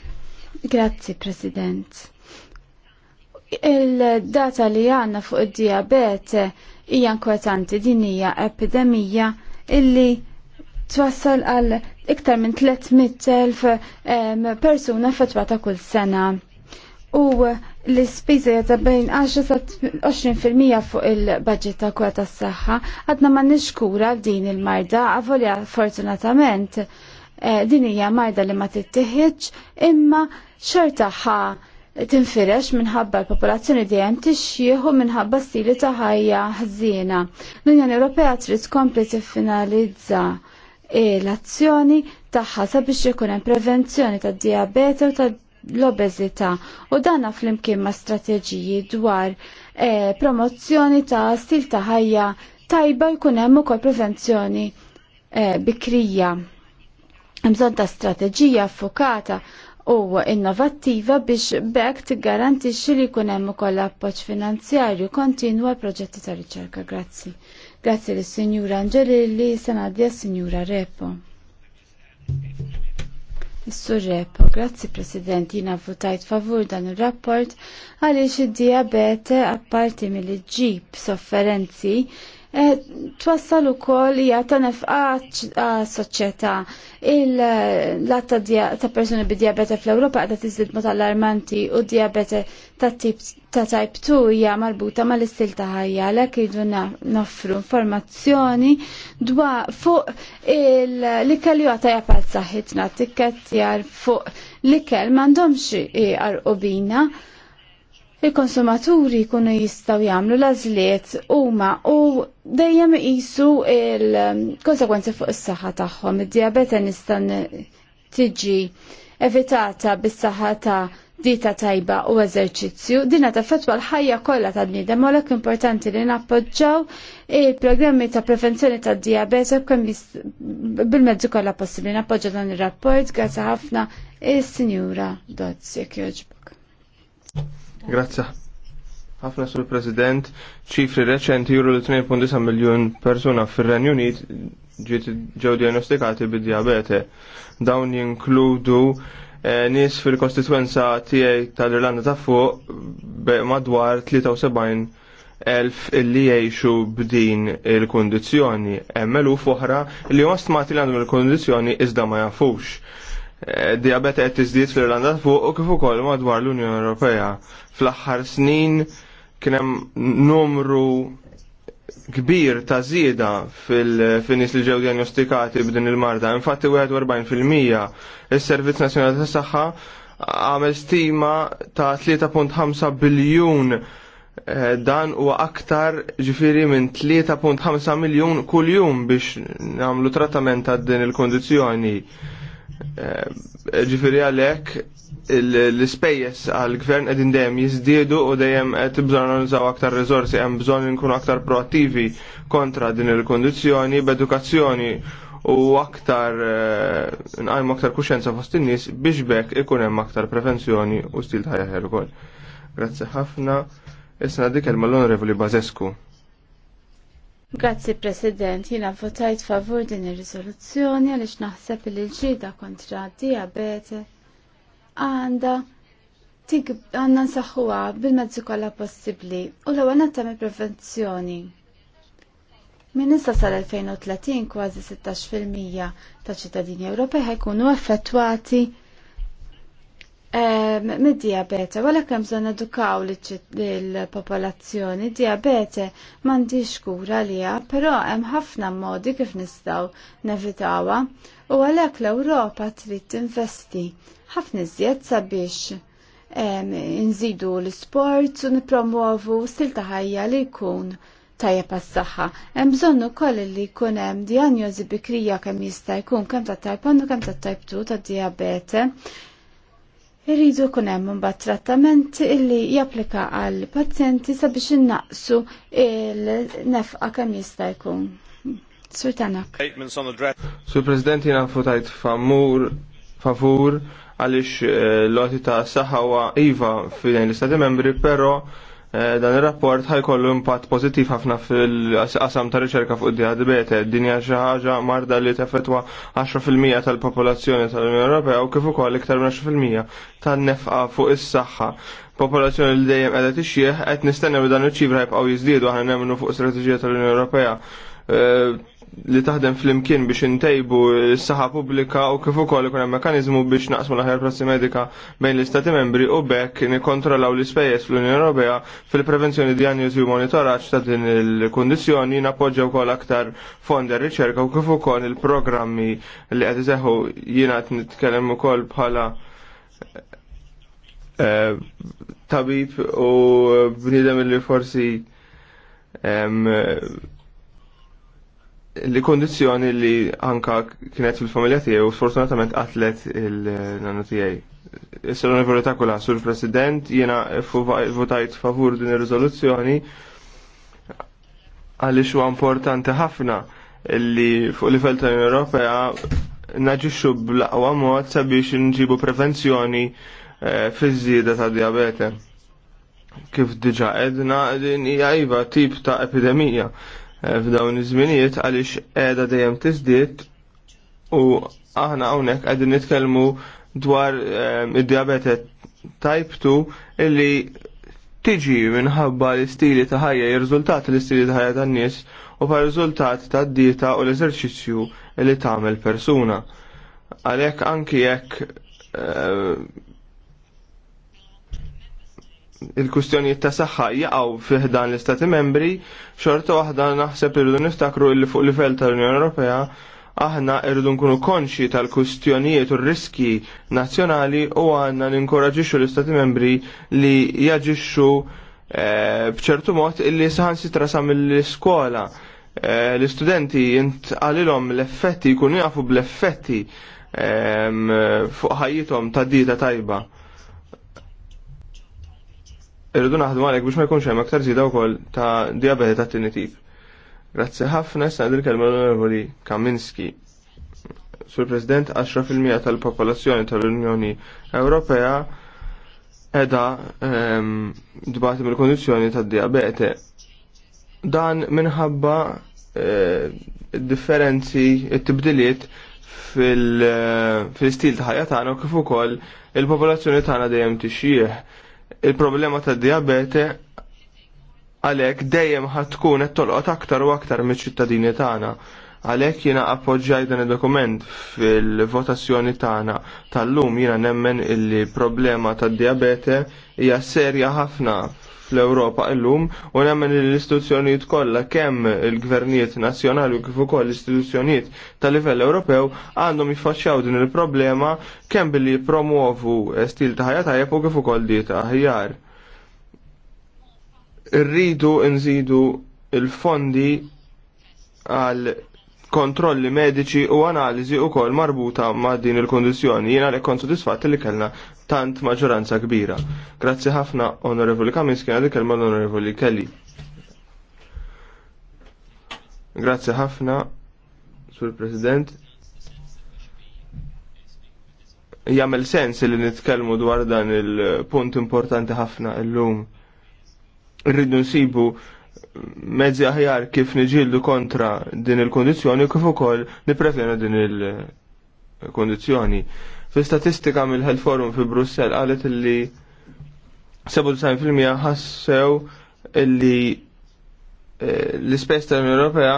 Grazzi President. Il-data li għanna fuq id-diabete hija inkwetanti din hija epidemija illi twassal għal iktar minn 300.000 persuna fatwata kull sena. U l spiza jata bejn 10-20% fuq il-budget ta' kwa tas-saħħa għadna ma' nixkura din il-marda għavolja fortunatament Eh, din hija majda li ma tittieħedx imma xortaħħa tinfirex minħabba l-popolazzjoni dejjem tixjieħu minħabba stili ta' ħajja ħżiena. L-Unjoni Ewropea trid tkompli tiffinalizza l-azzjoni tagħha sabiex ikun hemm prevenzjoni tad-diabete u tal-obeżità u danna flimkien ma' strateġiji dwar eh, promozzjoni ta' stil ta' ħajja tajba jkun hemm ukoll prevenzjoni eh, bikrija bżon ta' strateġija fokata u innovattiva biex bekk tiggarantixxi li jkun hemm ukoll appoġġ finanzjarju kontinwa proġetti ta' riċerka. Grazzi. Grazzi lis sinjura Angelilli, sanadja sinjura Repo. Is-Sur Repo, grazzi President, jina votajt favur dan ir-rapport għaliex id-diabete apparti mill-ġib sofferenzi Eh, twassal ukoll hija ta' nefqa soċjetà. Il-latta ta' persuni bid-diabete fl-Ewropa għadha tiżdied mod allarmanti u diabete ta' tip ta' type 2 hija marbuta mal-istil ta' ħajja għalhekk jridu noffru informazzjoni dwar fuq l-ikel ju għata japal saħħitna tikket jar fuq l-ikel m'għandhomx iqarqu il-konsumaturi kunu jistaw jamlu lażliet huma u dejjem isu il-konsekwenzi fuq is-saħħa tagħhom. Id-diabete nista' tiġi evitata bis-saħħa ta' dita tajba u eżerċizzju, dina ta' fetwa l-ħajja kollha ta' bniedem, għalhekk importanti li nappoġġaw il-programmi ta' prevenzjoni ta' diabete bil-mezzu kollha possibbli. Nappoġġa dan ir-rapport, grazzi ħafna is-Sinjura Dozzi Kjoġbok. Grazie. Għafna sur President, ċifri reċenti juru li 2.9 miljon persuna fir-Renju Unit ġiet ġew diagnostikati bid-diabete. Dawn jinkludu eh, nies fil-kostituenza tiegħi tal-Irlanda ta' fuq madwar 73 elf illi jgħixu b'din il-kondizjoni. Hemm eluf oħra li huma stmati li għandhom il-kondizjoni iżda ma jafux. Eh, diabete qed tiżdied fl-Irlanda fuq u kif ukoll madwar l-Unjoni Ewropea. Fl-aħħar snin kien hemm numru kbir ta' żieda fil-finis li ġew diagnostikati b'din il-marda. Infatti 41% is-Servizz Nazzjonali tas Saħħa għamel stima ta' 3.5 biljun eh, dan huwa aktar ġifiri minn 3.5 miljun kuljum biex nagħmlu trattament ta' din il kondizjoni Eh, ġifiri għalek l-spejjes għal-gvern għedin dejjem jizdiedu u dejjem għed bżon nżaw aktar rizorsi, hemm bżon inkunu aktar proattivi kontra din il-kondizjoni, b'edukazzjoni u aktar eh, nqajmu aktar kuxenza fost in-nies biex bekk ikun hemm aktar prevenzjoni u stil ta' jaħer ukoll. Grazzi ħafna. Isna dik l-Onorevoli Bazescu. Grazzi President, jina votajt favur din ir-riżoluzzjoni għaliex naħseb li l-ġida kontra diabete għanda għanna nsaħħuha bil-mezzi kollha possibbli u l għanna tam prevenzjoni. Min issa sal-2030 kważi 16% ta' ċittadini Ewropej ħajkunu effettwati mid-diabete, għala kem bżon edukaw l-popolazzjoni, diabete mandi xkura lija, pero hemm ħafna modi kif nistaw nevitawa u għalek l-Europa trid tinvesti ħafna iżjed sabiex nżidu l-sport u nipromuovu stil ta' ħajja li jkun tajja pas-saħħa. Hemm bżonn ukoll li jkun hemm dijanjosi bikrija kemm jista' jkun kemm ta' type 1 kemm ta' type 2 tad-diabete Irridu kun hemm imbagħad trattament illi japplika għal pazjenti sabiex innaqsu il-nefqa kemm jista' jkun. Sur Tanak. Sur President jiena futajt famur favur għaliex eh, loti ta' saħawa iva fil l-Istati Membri, però Eh, dan ir-rapport ħajkollu impatt pozittiv ħafna fil-qasam ta' riċerka fuq id-diabete. Din hija xi ħaġa marda li tefetwa 10% tal-popolazzjoni tal-Unjoni Ewropea u kif ukoll iktar minn 10% tan-nefqa fuq is-saħħa. Popolazzjoni li dejjem qiegħda tixjih qed nistennew dan iċ-ċifra jibqgħu jiżdiedu aħna nemmnu fuq strateġija tal-Unjoni Ewropea eh, li taħdem fl-imkien biex intejbu s-saħħa pubblika u kif ukoll ikun hemm mekkaniżmu biex naqsmu l-aħjar prassi medika bejn l-Istati membri u bekk nikkontrollaw l-ispejjeż fl-Unjoni Ewropea fil-prevenzjoni djanjużi u monitoraġġ ta' din il-kundizzjoni nappoġġja wkoll aktar fondi riċerka u kif ukoll il-programmi li qed iseħħu jiena qed nitkellem ukoll bħala eh, tabib u bniedem li forsi li kondizjoni li anka kienet fil-familja tiegħu sfortunatament qatlet il nannu tiegħi. Issa l-Università kulla sur President jiena votajt favur din ir-riżoluzzjoni għaliex huwa importanti ħafna li fuq livell tal-Unjoni Ewropea naġixxu bl-aqwa mod sabiex nġibu prevenzjoni eh, fiż-żieda ta' diabete. Kif diġa edna din hija iva tip ta' epidemija f'dawn iż-żminijiet għaliex qiegħda dejjem tiżdied u aħna hawnhekk qegħdin nitkellmu dwar ehm, id-diabete type 2 illi tiġi minħabba l-istili ta' ħajja, ir l-istili ta' ħajja tan-nies u pa' riżultat ta' dieta u l-eżerċizzju li tagħmel persuna. Għalhekk anki jekk ehm, il kustjoni ta' saħħa jaqgħu fih dan l-Istati membri, xorta wahda naħseb irridu niftakru li fuq livell tal-Unjoni Ewropea aħna irridu nkunu konxi tal-kustjonijiet u riski nazzjonali u għanna ninkoraġixxu l-Istati membri li jaġixxu eh, bċertu mod illi saħan sitra sa mill-iskola. Eh, l-istudenti jint l-effetti jkunu jafu bl-effetti ehm, fuq ħajjithom ta' dita tajba irridu naħdmu għalek biex ma jkunx hemm aktar żieda wkoll ta' diabete ta' tieni tip. Grazzi ħafna issa ngħidu l-kelma l-Onorevoli Kaminski. Sur President, 10% tal-popolazzjoni tal-Unjoni Ewropea edha ehm, dbati mill-kondizzjoni tad diabete Dan minħabba eh, differenzi, it-tibdiliet fil-stil eh, ta' ħajja tagħna u kif ukoll il-popolazzjoni tagħna dejjem tixjih il-problema ta' diabete għalek dejjem ħatkun qed tolqot aktar u aktar miċ-ċittadini tagħna. Għalek jiena appoġġaj dan id-dokument fil-votazzjoni tagħna tal-lum jiena nemmen il problema tad-diabete hija serja ħafna fl-Ewropa illum u nemmen l-istituzzjonijiet kollha kemm il-gvernijiet nazzjonali u kif ukoll l-istituzzjonijiet tal livell Ewropew għandhom jiffaċċjaw din il-problema kemm billi jippromuovu stil ta' ħajja tajjeb u kif ukoll dieta aħjar. Irridu nżidu il-fondi għal kontrolli mediċi u analizi u kol marbuta ma' din il-kondizjoni. Jena li kont soddisfatti li kellna tant maġoranza kbira. Grazzi ħafna Onorevoli Kamins kien għadik kelma l-Onorevoli Kelly. Grazzi ħafna, Sur President. Jamel sens li nitkellmu dwar dan il-punt importanti ħafna illum. Irridu nsibu mezzi aħjar kif niġildu kontra din il-kondizjoni kif ukoll niprevjena din il-kondizjoni Fi statistika mill-Health Forum fi Brussel qalet illi 97% ħassew illi eh, l-ispess tal Ewropea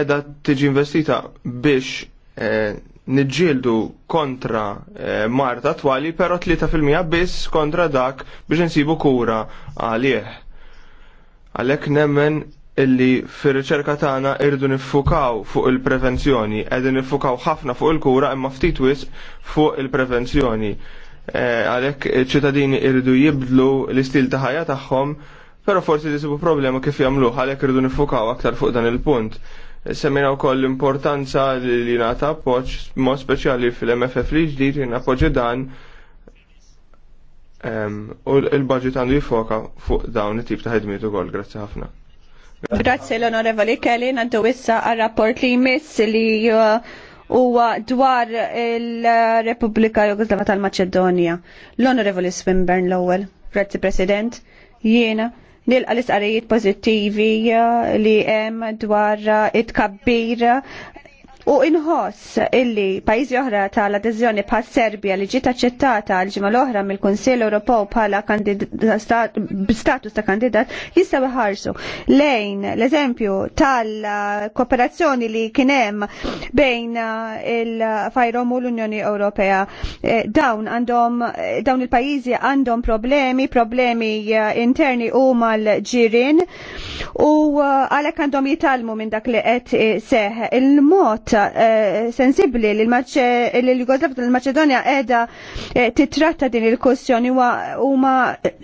edha tiġi investita biex eh, nġildu kontra eh, marta twali, pero 3% biss kontra dak biex nsibu kura għalieħ. Għalek nemmen illi fir-riċerka tagħna irdu niffukaw fuq il-prevenzjoni, qegħdin niffukaw ħafna fuq il-kura imma ftit wisq fuq il-prevenzjoni. Eh, għalhekk iċ-ċittadini irdu jibdlu l-istil ta' ħajja tagħhom, però forsi jisibu problema kif jagħmluh għalhekk irdu niffukaw aktar fuq dan il-punt. Semmina wkoll l-importanza li nata appoġġ mod speċjali fil-MFF li ġdid jina appoġġi dan ehm, u l-budget għandu jifoka fuq dawn it-tip ta' ħidmiet ukoll, grazzi ħafna. Grazie l-Onorevoli Kelly, nandu issa għal-rapport li jmiss li uh, huwa dwar il-Repubblika Jugoslava tal-Maċedonja. L-Onorevoli Swinburne l-ewwel. Grazie President. Jiena nilqa l-isqarijiet pozittivi uh, li hemm dwar uh, it-kabbir U inħoss illi pajjiżi oħra tal-adeżjoni bħal Serbja li ġiet aċċettata l ġimgħa l-oħra mill-Kunsill Ewropew bħala status ta' kandidat jistgħu ħarsu lejn l-eżempju tal-kooperazzjoni li kien hemm bejn il-fajrom u l-Unjoni Ewropea. Eh, dawn għandhom eh, dawn il-pajjiżi għandhom problemi, problemi eh, interni u mal-ġirien u għalhekk għandhom jitalmu minn dak li qed seħ il-mod punt eh, sensibli li l-Jugoslavia tal-Maċedonja edha eh, titratta din il-kwestjoni huma eh,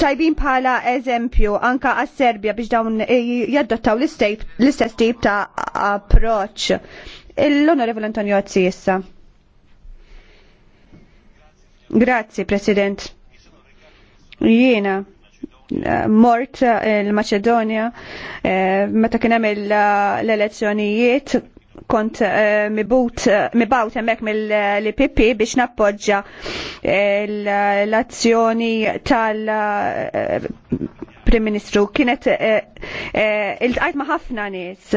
tajbin bħala eżempju anka għas serbja biex dawn jaddottaw l-istess tip ta' approċ. l onorevol Antonio Azzi issa. Grazzi, President. Jiena mort il-Macedonia meta kien hemm l-elezzjonijiet kont eh, mibut eh, mibawt hemmhekk mill-IPP biex nappoġġa eh, l-azzjoni tal- Prim Ministru kienet il-tqajt ma' ħafna nies,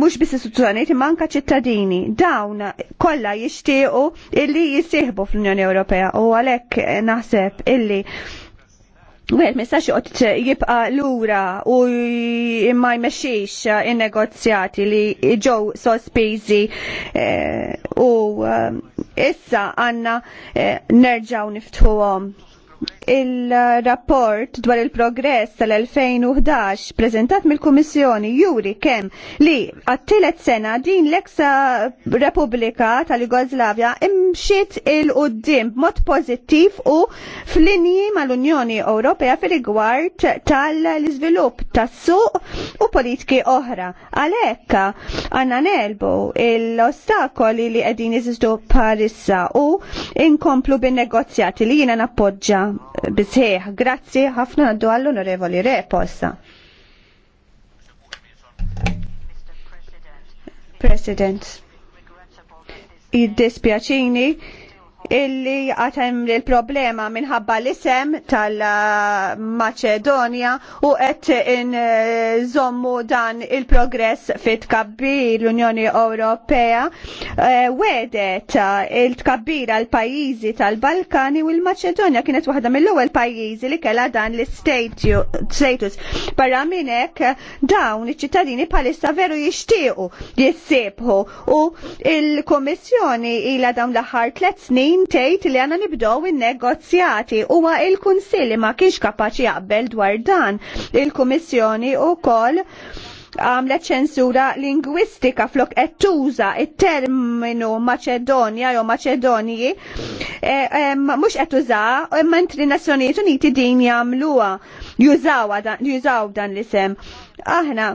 mhux bis istituzzjonijiet imma ċittadini. Dawn kollha jixtiequ illi jisihbu fl-Unjoni Ewropea u għalhekk naħseb illi Għed, ma jistax jqot jibqa lura u ma jmexiex il negozjati li ġew sospiżi eh, u eh, issa għandna eh, nerġgħu niftħuhom Il-rapport dwar il-progress tal-2011 prezentat mill-Kummissjoni juri kemm li għattilet sena din l-eksa Repubblika tal-Jugoslavja imxiet il-qoddim b'mod pożittiv u f'linji mal-Unjoni Ewropea fil-rigward tal-iżvilupp tas-suq u politiki oħra. Għalhekk għandna nelbu l-ostakoli li qegħdin jeżistu parissa u inkomplu bin-negozjati li jiena nappoġġa bisħieħ. Grazzi ħafna għaddu għall-onorevoli re posta. President, id-dispjaċini illi għatem il-problema minħabba l-isem tal-Macedonia u għet in eh, zommu dan il-progress fit tkabbir l-Unjoni Ewropea e, wedet eh, il-tkabbir għal pajizi tal-Balkani u l-Macedonia kienet waħda mill-ewwel pajizi li kella dan l-status. Barra minnek dawn iċ-ċittadini palissa veru jixtiequ jissibħu u il-Komissjoni ila dawn l-aħħar tliet snin din tgħid li għandna nibdew in-negozjati huwa il-Kunsill li ma kienx kapaċi jaqbel dwar dan. Il-Kummissjoni wkoll għamlet ċensura lingwistika flok qed tuża it-terminu Maċedonja jew Maċedonji e, e, mhux qed tuża mentri Nazzjonijiet Uniti din jagħmluha jużaw dan l-isem. Aħna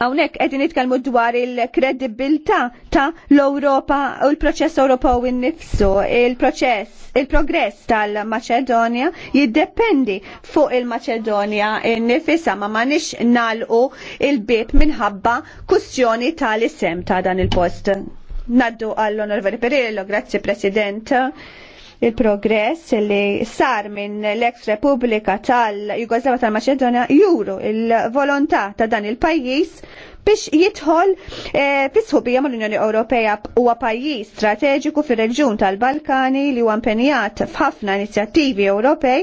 Hawnhekk għedin nitkellmu dwar il kredibilta ta' l-Ewropa u l-proċess Ewropew innifsu. Il-proċess, il-progress tal-Maċedonja jiddependi fuq il-Maċedonja innifisa ma m'għandix nalqu il-bib minħabba kustjoni tal-isem ta' dan il-post. Naddu għall-Onorveri Perillo, grazie President il-progress li sar minn l-ex Repubblika tal-Jugoslavia tal-Macedonia juru il-volontà ta' dan il-pajjiż biex jidħol eh, fis bija mal-Unjoni Ewropea huwa pajjiż strateġiku fir-reġjun tal-Balkani li huwa impenjat f'ħafna inizjattivi Ewropej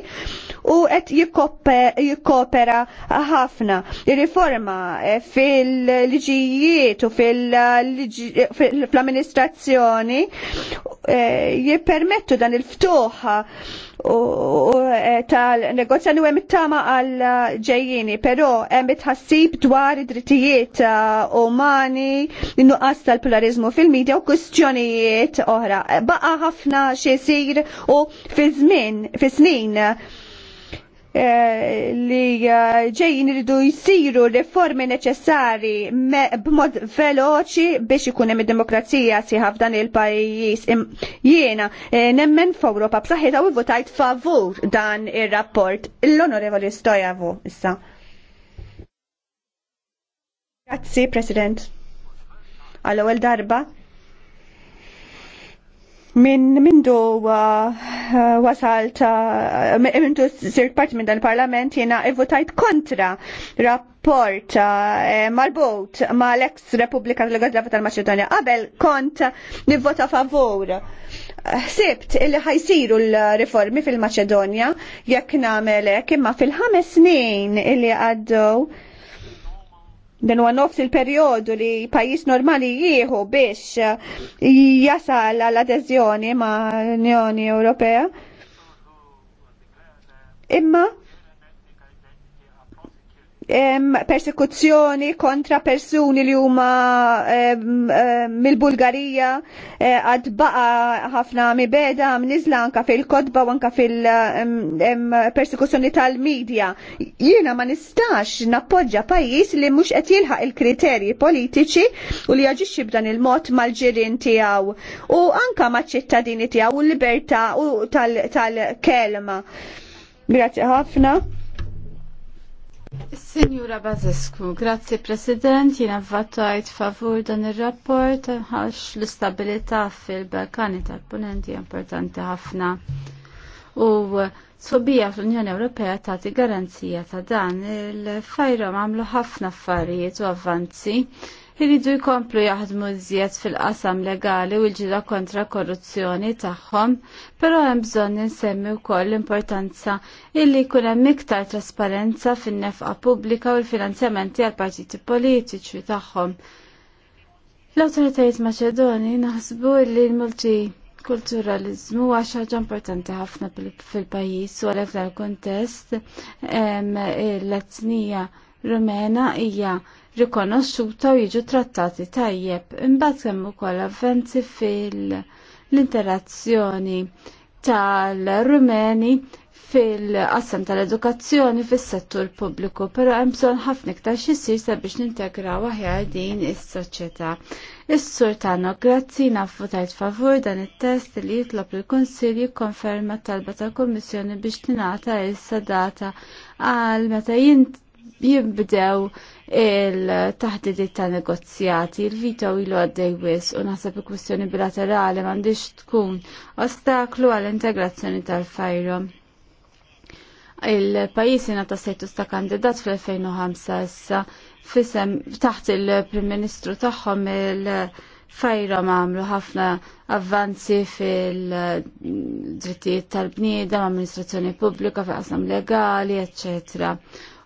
u qed jikkopera ħafna. Riforma eh, fil-liġijiet u fil-amministrazzjoni eh, jippermettu dan il ftuħa u e, tal-negozjan u hemm tama għal ġejjini, pero hemm ħassib dwar id-drittijiet e, umani, nuqqas tal-pluralizmu fil-medja u kwistjonijiet oħra. Baqa ħafna xi jsir u fi żmien, fi snin li eh, ġejjin iridu jsiru riformi neċessari b'mod veloċi biex ikun hemm id-demokrazija sieħa f'dan il-pajjiż. Jiena eh, nemmen f'Ewropa b'saħħitha u votajt favur dan ir-rapport. L-Onorevoli Stojavu issa. Grazzi, President. Għal-ewwel darba minn mindu uh, uh, wasalt uh, mindu sirt parti minn dal-parlament jena votajt kontra rapport eh, mal-bot ma l-ex Repubblika tal-Gazzafa tal-Macedonia qabel kont nivvota favur sibt illi ħajsiru l reformi fil-Macedonia jekk namelek imma fil-ħames snin illi għaddew Dan huwa nofs il-perjodu li pajjiż normali jieħu biex jasal l adeżjoni ma' Unjoni Ewropea. Imma persekuzzjoni kontra persuni li huma mill-Bulgarija eh, għad baqa ħafna mibeda mniżla anka fil-kodba u anka fil-persekuzzjoni tal-medja. Jiena ma nistax nappoġġa pajjiż li mhux qed jilħaq il-kriterji politiċi u li jaġixxi b'dan il-mod mal-ġirien tiegħu u anka maċ-ċittadini tiegħu u l-libertà tal-kelma. Grazie ħafna. Signora Bazescu, grazie President, jina vvatajt favur dan il-rapport għax l-istabilità fil-Balkani tal-Ponenti importanti ħafna. U sobija fl-Unjoni Ewropea tagħti garanzija ta' dan il-fajrom għamlu ħafna affarijiet u avvanzi iridu jkomplu jaħdmu żjed fil-qasam legali u l ġira kontra korruzzjoni tagħhom, però hemm bżonn insemmi wkoll l-importanza illi jkun hemm iktar trasparenza fin-nefqa pubblika u l-finanzjamenti għal partiti politiċi tagħhom. l awtoritajiet Maċedoni naħsbu li l-multi kulturalizmu għax ħaġa importanti ħafna fil pajjiż u għalhekk dal kuntest l-etnija rumena hija rikonoxxuta u jiġu trattati tajjeb. Imbagħad kemm ukoll avvenzi fil-interazzjoni tal-Rumeni fil qasam tal-edukazzjoni fis-settur pubbliku, però hemm bżonn ħafna iktar xisir sabiex nintegraw aħjar din is-soċjetà. Is-sur tagħna grazzi nafu tajt favur dan it-test li jitlob il kunsill konferma talba tal-Kummissjoni biex tingħata issa data għal meta jinbdew il-taħdidiet ta' negozjati, il-vito ilu għaddej wis u naħseb il-kwistjoni bilaterali m'għandix tkun ostaklu għall-integrazzjoni tal fajru il pajisi nata sejtu sta ta' kandidat fl-2005 issa fisem taħt il-Prim Ministru tagħhom il- fajra għamlu ħafna avvanzi fil-drittijiet tal-bniedem, amministrazzjoni pubblika, fil legali, eccetera.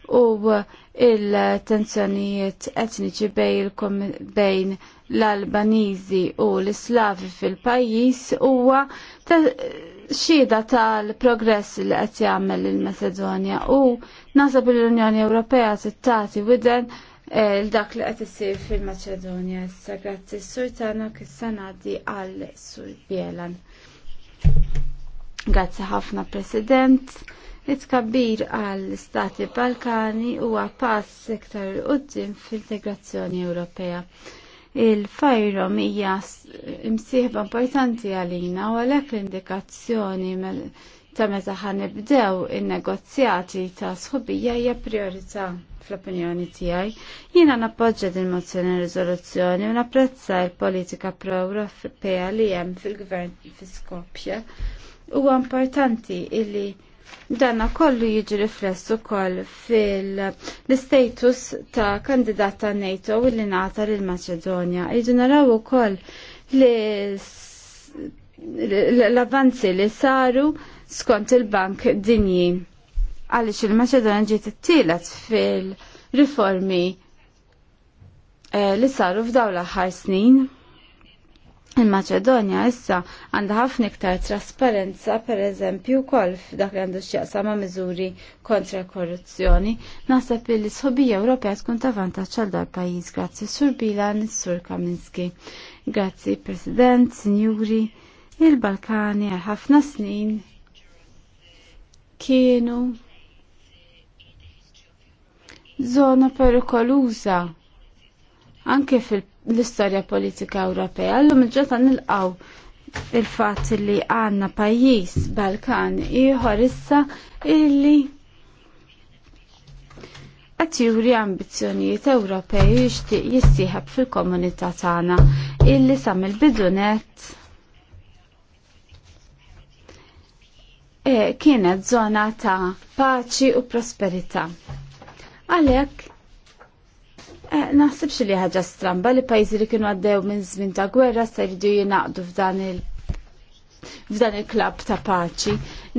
U il-tensjonijiet etniċi bejn l albanizi u l-Slavi fil-pajjiż huwa xida tal-progress li qed jagħmel il macedonja u nasab l-Unjoni Ewropea tittati widen eh, dak li qed isir fil-Maċedonja. Issa grazzi s sultana tagħna sanadi għal sur Bielan. Grazzi ħafna President it-kabbir għall-Stati Balkani huwa pass iktar il qudiem fil-integrazzjoni Ewropea. il fajro hija imsieħba importanti għalina u għalhekk l-indikazzjoni ta' meta ħanibdew in-negozjati ta' sħubija hija priorità fl-opinjoni tiegħi. Jiena nappoġġa din mozzjoni riżoluzzjoni u napprezza l-politika pro-Ewropea li hemm fil-Gvern fi Skopje. Huwa importanti illi Danna kollu jiġi riflessu ukoll fil-status ta' kandidat ta' NATO u li nata l maċedonja Jiġu naraw ukoll l-avanzi li saru skont il-bank dinji. Għalix il maċedonja ġiet it-tielet fil-riformi eh, li saru f'dawla l-aħħar snin. Il-Maċedonja issa għandha ħafna iktar trasparenza per eżempju wkoll f'dak li għandu x'jaqsam ma' miżuri kontra korruzzjoni. Naħseb li sħobija Ewropea tkun ta' vantaġġ għal dal pajjiż grazzi Sur Bilan sur Kaminski. Grazzi President, Sinjuri, il-Balkani għal ħafna snin kienu zona perikoluża anke fil l-istorja politika Ewropea. Allum il-ġota nilqaw il-fat li għanna pajjiż Balkan ieħor issa illi qed juri ambizzjonijiet Ewropej jixtieq jissieħab fil-komunità tagħna illi sam il-bidunet e, kienet żona ta' paċi u prosperità. Għalhekk Eh, naħsibx li ħaġa stramba li pajjiżi li kienu għaddew minn żmien ta' gwerra se jridu jingħaqdu f'dan il- f'dan il-klab ta' paċi.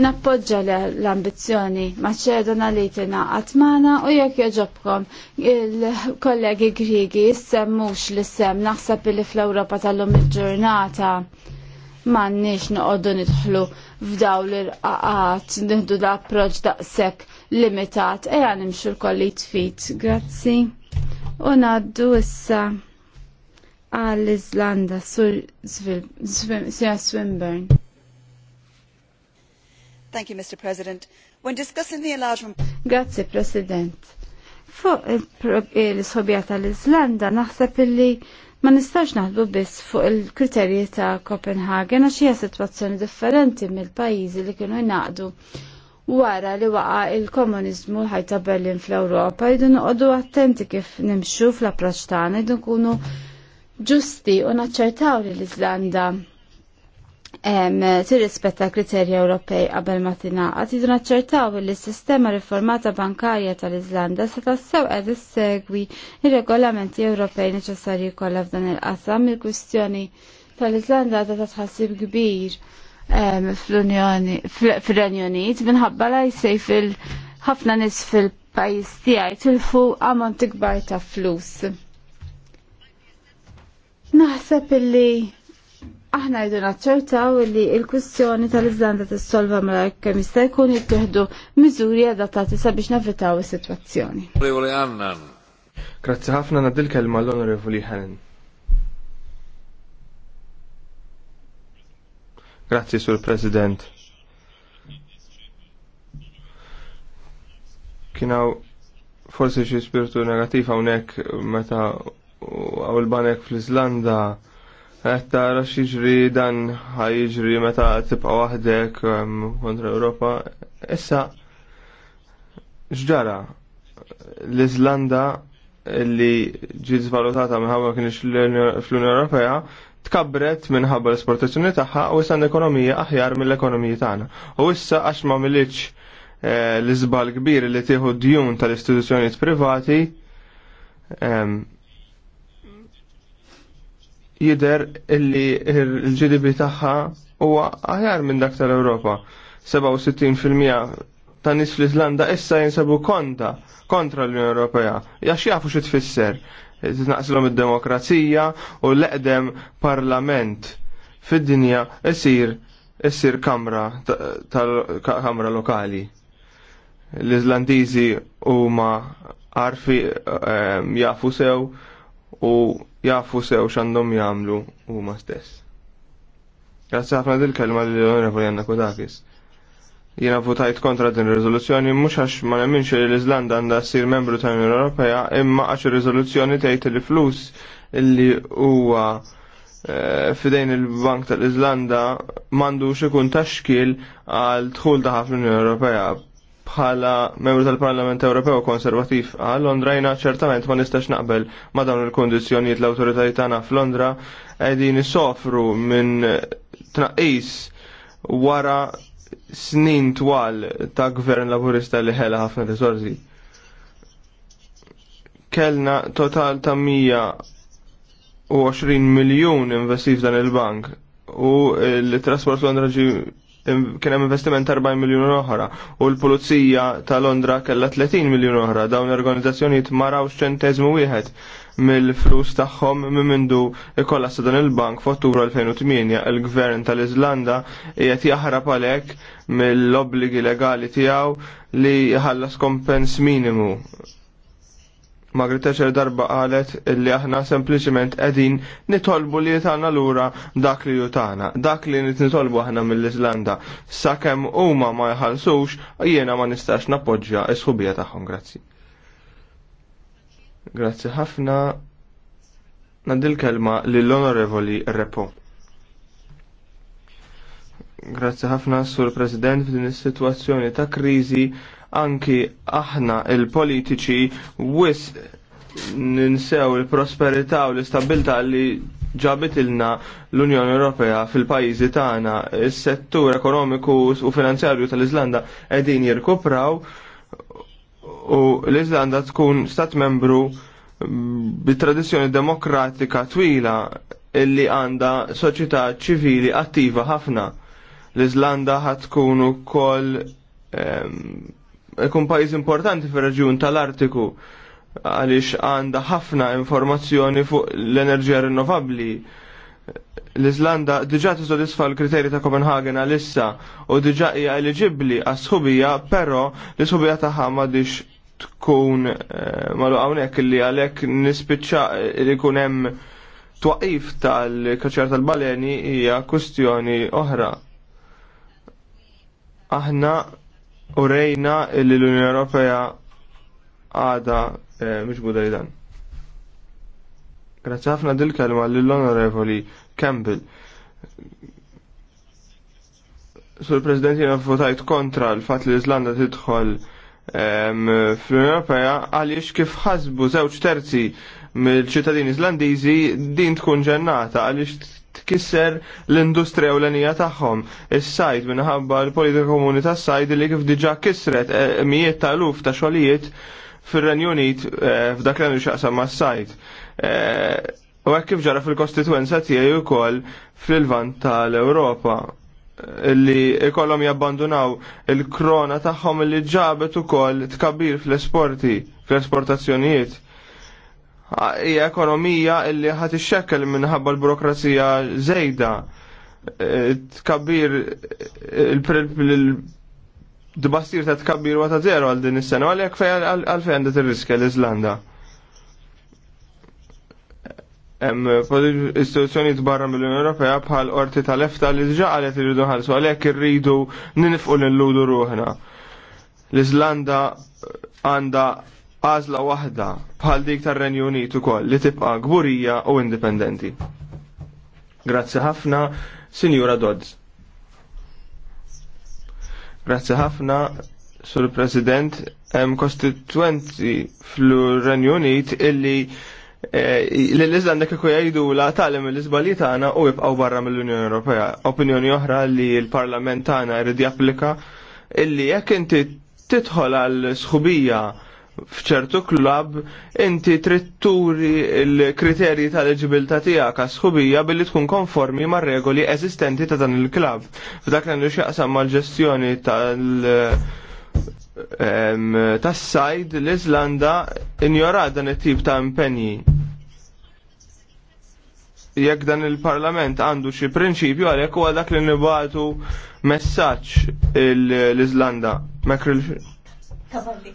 Nappoġġa l-ambizzjoni maċedona li tingħaqad magħna u jekk joġobkom il-kollegi Griegi jissemmux li sem naħseb li fl-Ewropa tal-lum il-ġurnata m'għandniex noqogħdu nidħlu f'daw l-irqaqat, nidħdu da' approċċ daqshekk limitat, ejja nimxu l-kolli tfit. Grazzi. U naddu issa għall-Izlanda sur Swinburne. Thank you, Mr. President. When discussing the enlargement... Grazie, President. Fuq il-sobja tal-Izlanda naħseb illi ma nistax naħdbu biss fuq il-kriterji ta' Copenhagen għax hija sitwazzjoni differenti mill-pajjiżi li kienu jnaqdu wara li waqa il-komunizmu ħajta Berlin fl-Ewropa jdu noqogħdu attenti kif nimxu fl-approċċ tagħna jdu nkunu ġusti u naċċertaw li l-Iżlanda tirrispetta kriterji Ewropej qabel ma tingħaqad jdu naċċertaw li s-sistema riformata bankarja tal-Iżlanda se tassew qed issegwi ir-regolamenti Ewropej neċessarji kollha f'dan il-qasam il-kwistjoni tal-Iżlanda ta' tħassib kbir fl-Unjoni, fil-Renju Unit, minħabba la jisej fil-ħafna nis fil-pajis tijaj tilfu għamont ikbar ta' flus. Naħseb illi aħna jdu naċċertaw li il-kwistjoni tal-Iżlanda tissolva mela kemm jista' jkun jittieħdu miżuri adattati sabiex navitaw is-sitwazzjoni. Grazzi ħafna nadil kelma l-Onorevoli Helen. Grazzi, Sur President. Kinaw forsi xi spiritu negativ hawnhekk meta għaw il-banek fl-Iżlanda qed tara x'jiġri dan ħajġri meta tibqa' waħdek um, kontra Ewropa. Issa x'ġara l-Iżlanda li ġiet valutata minħabba kienx fl-Unjoni Ewropea tkabbret minħabba l-esportazzjoni tagħha u issa l-ekonomija aħjar mill-ekonomija tagħna. U issa għax ma militx eh, l-iżbal kbir li tieħu djun tal-istituzzjonijiet privati ehm, jider illi l-GDP tagħha huwa aħjar minn dak tal-Ewropa. 67% ta' nis fl-Iżlanda issa jinsabu konta kontra l-Unjoni Ewropea. Jax jafu xi tfisser naqslom id-demokrazija u l-eqdem parlament fid-dinja isir isir kamra tal-kamra lokali. L-Izlandiżi huma għarfi ehm, jafu sew u jafu sew x'għandhom jagħmlu huma stess. Grazzi ħafna dil-kelma l-Onorevoli Janna Kodakis. Jiena votajt kontra din ir-riżoluzzjoni mhux għax ma nemminx li l-Iżlanda għandha ssir membru tal-Unjoni Ewropea imma għax ir-riżoluzzjoni tgħid li flus li huwa eh, fidejn il-Bank tal-Iżlanda m'għandux ikun taxkil għal dħul taħ fl-Unjoni Ewropea bħala membru tal-Parlament Ewropew konservativ għal Londra jina ċertament ma nistax naqbel ma dawn il-kondizjonijiet l-autoritajiet tagħna f'Londra qegħdin isofru minn tnaqqis wara snin twal ta' gvern laburista li ħela ħafna risorsi. Kellna total ta' 120 miljon investiv dan il-bank u l-trasport Londra ġi kien hemm investiment 40 miljun oħra u l-Pulizija ta' Londra kellha 30 miljun oħra dawn l-organizzazzjonijiet ma x'ċentesmu ċenteżmu wieħed mill-flus tagħhom minn mindu sa' dan il-bank f'Ottubru 2008 il-Gvern tal-Iżlanda qiegħed jaħrab għalhekk mill-obbligi legali tiegħu li ħallas kompens minimu Margaret Thatcher darba qalet illi aħna sempliciment qegħdin nitolbu li l lura dak li jutana, tagħna, dak li nitolbu aħna mill-Iżlanda. Sakemm huma ma jħallsux jiena ma nistax nappoġġja s-ħubija tagħhom, grazzi. Grazzi ħafna. Nadil kelma lill-Onorevoli Repo. Grazzi ħafna sur President f'din is-sitwazzjoni ta' kriżi anki aħna il-politiċi wis ninsew il-prosperità u l-istabilità li ġabit ilna l-Unjoni Ewropea fil-pajjiżi tagħna. Is-settur ekonomiku u finanzjarju tal-Iżlanda qegħdin jirkupraw u l-Iżlanda tkun stat membru bit-tradizzjoni demokratika twila illi għanda soċjetà ċivili attiva ħafna l izlanda ħat tkun ukoll ikun pajjiż importanti fir-reġjun tal-Artiku għaliex għandha ħafna informazzjoni fuq l-enerġija rinnovabbli. l izlanda diġà tisodisfa l-kriterji ta' Copenhagen għalissa u diġa' hija eliġibbli għas-sħubija, però l-sħubija tagħha m'għadix tkun eh, malu hawnhekk li għalhekk nispiċċa li jkun hemm twaqif tal-kaċċar tal-baleni hija kwestjoni oħra aħna urejna li l-Unjoni Ewropea għada eh, mhux dan. Grazzi ħafna dil-kelma lill-Onorevoli Campbell. Sur President jiena votajt kontra l-fatt li l-Iżlanda tidħol fl-Unjoni Ewropea għaliex kif ħasbu żewġ terzi mill-ċittadini Iżlandiżi din tkun ġennata għaliex tkisser l-industrija u l-enija tagħhom. Is-sajd minħabba l-politika komuni tas-sajd li kif diġà kisret eh, mijiet ta' luf ta' xogħlijiet fir-Renju Unit eh, f'dak l xaqsam mas-sajd. Eh, u hekk kif ġara fil-kostituenza tiegħi wkoll fil-vant tal-Ewropa li ikollhom jabbandunaw il-krona tagħhom li ġabet ukoll tkabbir fl-esporti, fl-esportazzjonijiet hija ekonomija illi ħat ixxekkel minħabba l-burokrazija żejda. E, tkabbir e, il-dbastir ta' tkabbir ta' zero għal din is-sena, għalhekk fejn għalfejn għandet ir-riskja l-Iżlanda. Hemm istituzzjonijiet barra mill-Unjoni Ewropea bħal qorti tal-efta li diġà qalet irridu ħalsu għalhekk irridu ninifqu nilludu ruħna. L-Iżlanda għandha għażla waħda bħal dik tar-Renju Unit ukoll li tibqa' gburija u indipendenti. Grazzi ħafna, Sinjura Dodds. Grazzi ħafna, Sur President, hemm kostituenti fl-Renju Unit illi eh, l-Iżlanda kiku jgħidu la talem l-izbali tagħna u jibqgħu barra mill-Unjoni Ewropea. Opinjoni oħra li l-Parlament tagħna jrid japplika illi jekk inti tidħol għal sħubija fċertu klab inti tritturi il-kriterji tal-eġibilta tijak għasħubija billi tkun konformi ma' regoli eżistenti ta' dan il-klab. F'dak l-għandu xieqsam ma' ġestjoni tal- tas-sajd l-Iżlanda injora dan it-tip ta' impenji jekk dan il-parlament għandu xi prinċipju għalhekk huwa dak li nibatu messaġġ l-Iżlanda. Mekril. Kavalli.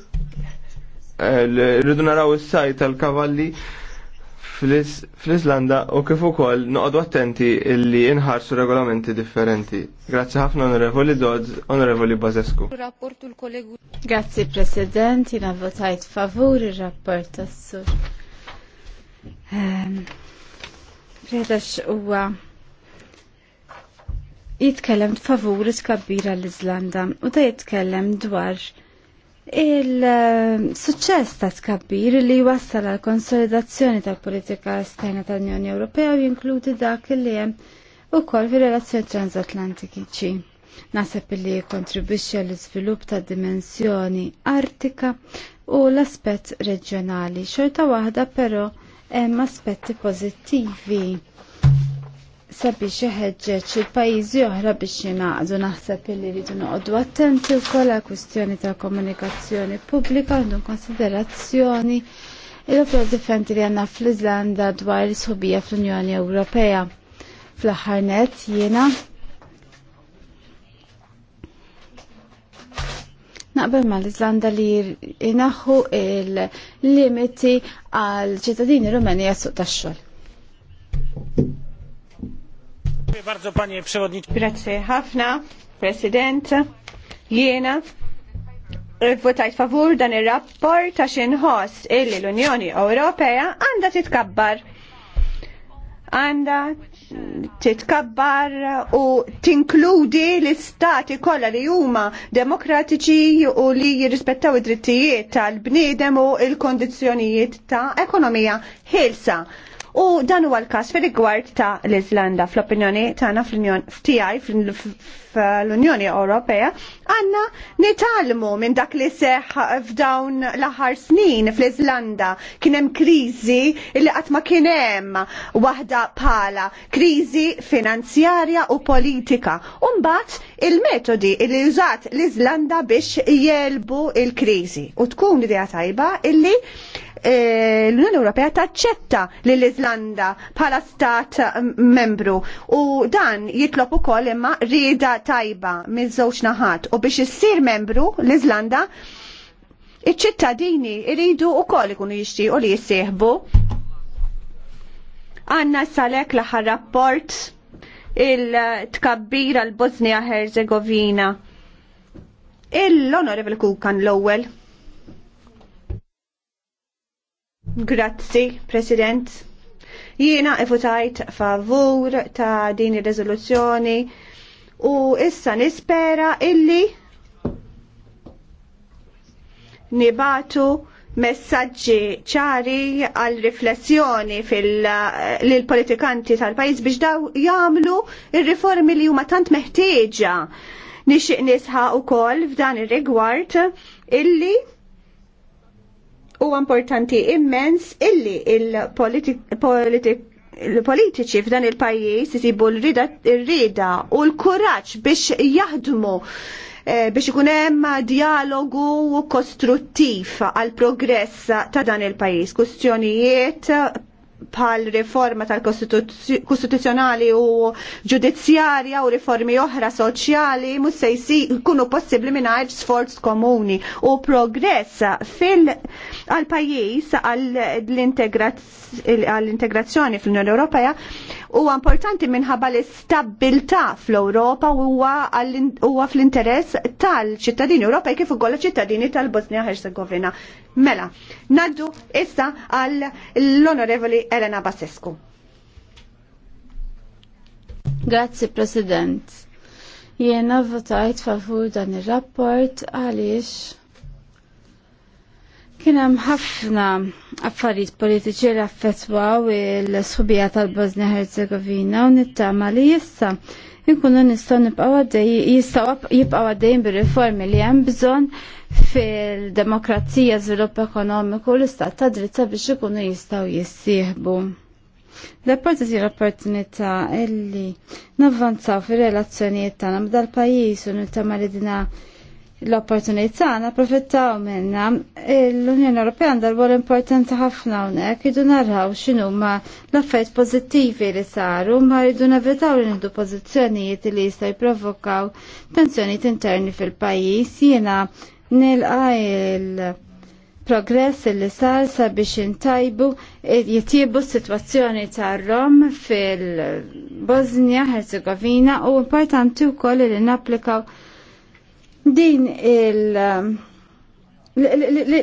Eh, rridu naraw is-sajt tal-kavalli fl-Islanda u kif ukoll noqogħdu attenti li inħarsu regolamenti differenti. Grazzi ħafna Onorevoli Dodds, Onorevoli Bazescu. Grazzi President, jina votajt favur ir-rapport tas-sur. Ehm, Redax huwa jitkellem favur iskabbira l-Iżlanda u da jitkellem dwar Il-suċċess ta' skabbir li wassal għal konsolidazzjoni tal-politika esterna tal-Unjoni Ewropea u jinkludi dak li hemm ukoll fir-relazzjoni transatlantiċi. Naseb li kontribwixxi għall iżvilupp ta' dimensjoni artika u l-aspett reġjonali. Xorta waħda però hemm aspetti pożittivi sabiex iħeġġeġ il-pajjiżi oħra biex jingħaqdu naħseb illi rridu noqogħdu attenti wkoll kolla kwistjoni ta' komunikazzjoni pubblika għandu konsiderazzjoni il-opera differenti li għanna fl-Iżlanda dwar is subija fl-Unjoni Ewropea. Fl-aħħar jena. jiena naqbel ma l izlanda li jinaħu il-limiti għal ċittadini rumeni suq tax-xogħol. Grazie ħafna, President. Jiena eh, votajt favur dan ir-rapport ta' xinħoss illi l-Unjoni Ewropea għandha titkabbar. Għanda titkabbar u tinkludi l-istati kollha li huma demokratiċi u li jirrispettaw id-drittijiet tal-bniedem u l kondizjonijiet ta' ekonomija ħilsa. U dan huwa l-każ fir-rigward ta' l-Iżlanda fl-opinjoni tagħna fl-Unjoni fl-Unjoni Ewropea għandna nitalmu minn dak li seħ f'dawn l-aħħar snin fl-Iżlanda kien hemm kriżi li qatt ma kien hemm waħda bħala kriżi finanzjarja u politika. U mbagħad il-metodi li użat l-Iżlanda biex jelbu il-kriżi u tkun idea tajba illi Eh, l-Unjoni Ewropea taċċetta lill iżlanda bħala stat eh, membru u dan jitlob ukoll imma rieda tajba miż-żewġ naħat u biex issir membru l-Iżlanda iċ-ċittadini iridu wkoll ikunu jixtiequ li jissieħbu. Għanna salek l-aħħar rapport il-tkabbira l-Bosnia Herzegovina. il onorevel Kukan l-ewwel. Grazzi, President. Jiena ifutajt favur ta' din ir-riżoluzzjoni u issa nispera illi nibatu messaġġi ċari għal riflessjoni fil-politikanti tal-pajis biex daw jamlu il-riformi li huma tant meħtieġa. Nixtieq nisħa wkoll f'dan ir-rigward illi u importanti immens illi il-politiċi f'dan il-pajis jisibu l-rida u l-kuraċ biex jaħdmu eh, biex ikun hemm dialogu kostruttiv għal progress ta' dan il-pajjiż, kustjonijiet pal riforma tal-kostituzjonali u ġudizzjarja u riformi oħra soċjali mhux se jkunu possibbli mingħajr sforz komuni u progress fil għal pajjiż għall-integrazzjoni fl-Unjoni Ewropea huwa importanti minħabba l-istabilità fl-Ewropa huwa huwa fl-interess tal-ċittadini Ewropej kif ukoll ċittadini tal-Bosnia Herzegovina. Mela, naddu issa għall-Onorevoli Elena Basescu. Grazzi President. Jiena votajt favur dan ir-rapport għaliex Kien hemm ħafna affarijiet politiċi li affettwaw il-subija tal-Bosnia Herzegovina u nittama li issa inkunu nistgħu nibqgħu għaddej jistgħu jibqgħu għaddejjin bir li hemm bżonn fil-demokrazija, żvilupp ekonomiku u l-istat ta' dritta biex ikunu jistgħu jissieħbu. L-apporti si l-opportunità illi navvanzaw fir-relazzjonijiet tagħna b'dal pajjiż u nittama li dina l-opportunità naprofittaw minna l-Unjoni Ewropea għandha rwol importanti ħafna hawnhekk idu narraw x'inhu ma l-affarijiet pożittivi li saru ma jridu nevitaw li nidu pożizzjonijiet li jista' jipprovokaw tensjonijiet interni fil-pajjiż jiena nilqa' il progress li sar sabiex intajbu jitjibu s-sitwazzjoni tar rom fil-Bosnia Herzegovina u importanti wkoll li napplikaw din il-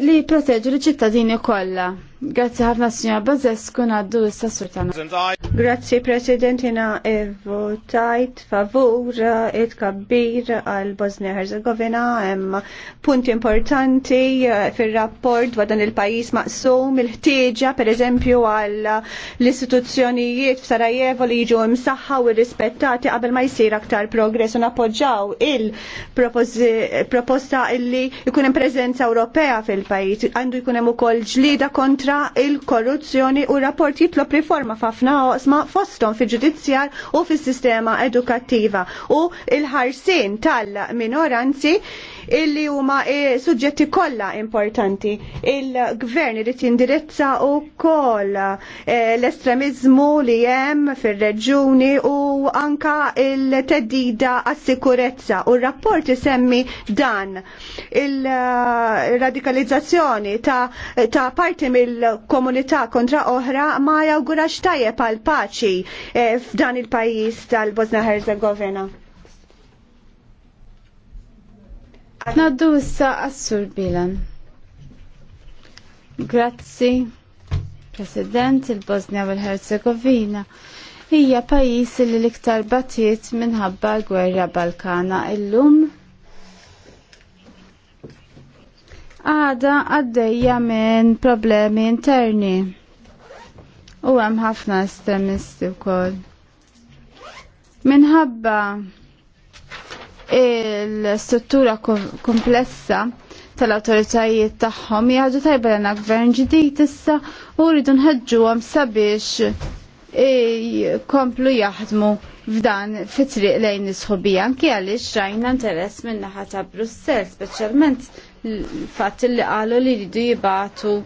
li proteġu l-ċittadini kollha. Grazzi ħafna signora Bazes kun għaddu issa surtana. Grazzi President jina eh, votajt favur eh, it-kabbir għal Bosnia Herzegovina hemm punt importanti eh, fir-rapport wa dan il-pajjiż maqsum il-ħtieġa pereżempju għal l-istituzzjonijiet f'Sarajevo li jiġu msaħħa u rispettati qabel ma jsir aktar progress u nappoġġaw il-proposta illi jkun hemm preżenza Ewropea fil-pajjiż għandu jkun hemm ukoll ġlieda kontra kontra il-korruzzjoni u rapport jitlob riforma fafna oqsma fosthom fi ġudizzjar u fis-sistema edukattiva u il-ħarsin tal-minoranzi illi huma eh, suġġetti kollha importanti. Il-gvern irid jindirizza wkoll eh, l-estremizmu li hemm fir-reġuni u anka il tedida għas-sikurezza u r rapporti semmi dan il-radikalizzazzjoni ta', ta parti mill-komunità kontra oħra ma jawgurax tajjeb għal paċi eh, f'dan il-pajjiż tal-Bosna Herzegovina. Naddu issa assur bilan. Grazzi, President il-Bosnia u l-Herzegovina. Hija pajis li l-iktar batiet minħabba l-gwerra Balkana illum għada għaddejja minn problemi interni. U hemm ħafna estremisti wkoll. Minħabba il-struttura komplessa tal-autoritajiet tagħhom jgħadu tajba lena gvern ġdid issa u rridu nħeġġuhom sabiex e, komplu jaħdmu f'dan fit-triq lejn nisħubija Anki għaliex rajna interess minn naħa ta' Brussell, speċjalment l fat li qalu li jridu jibatu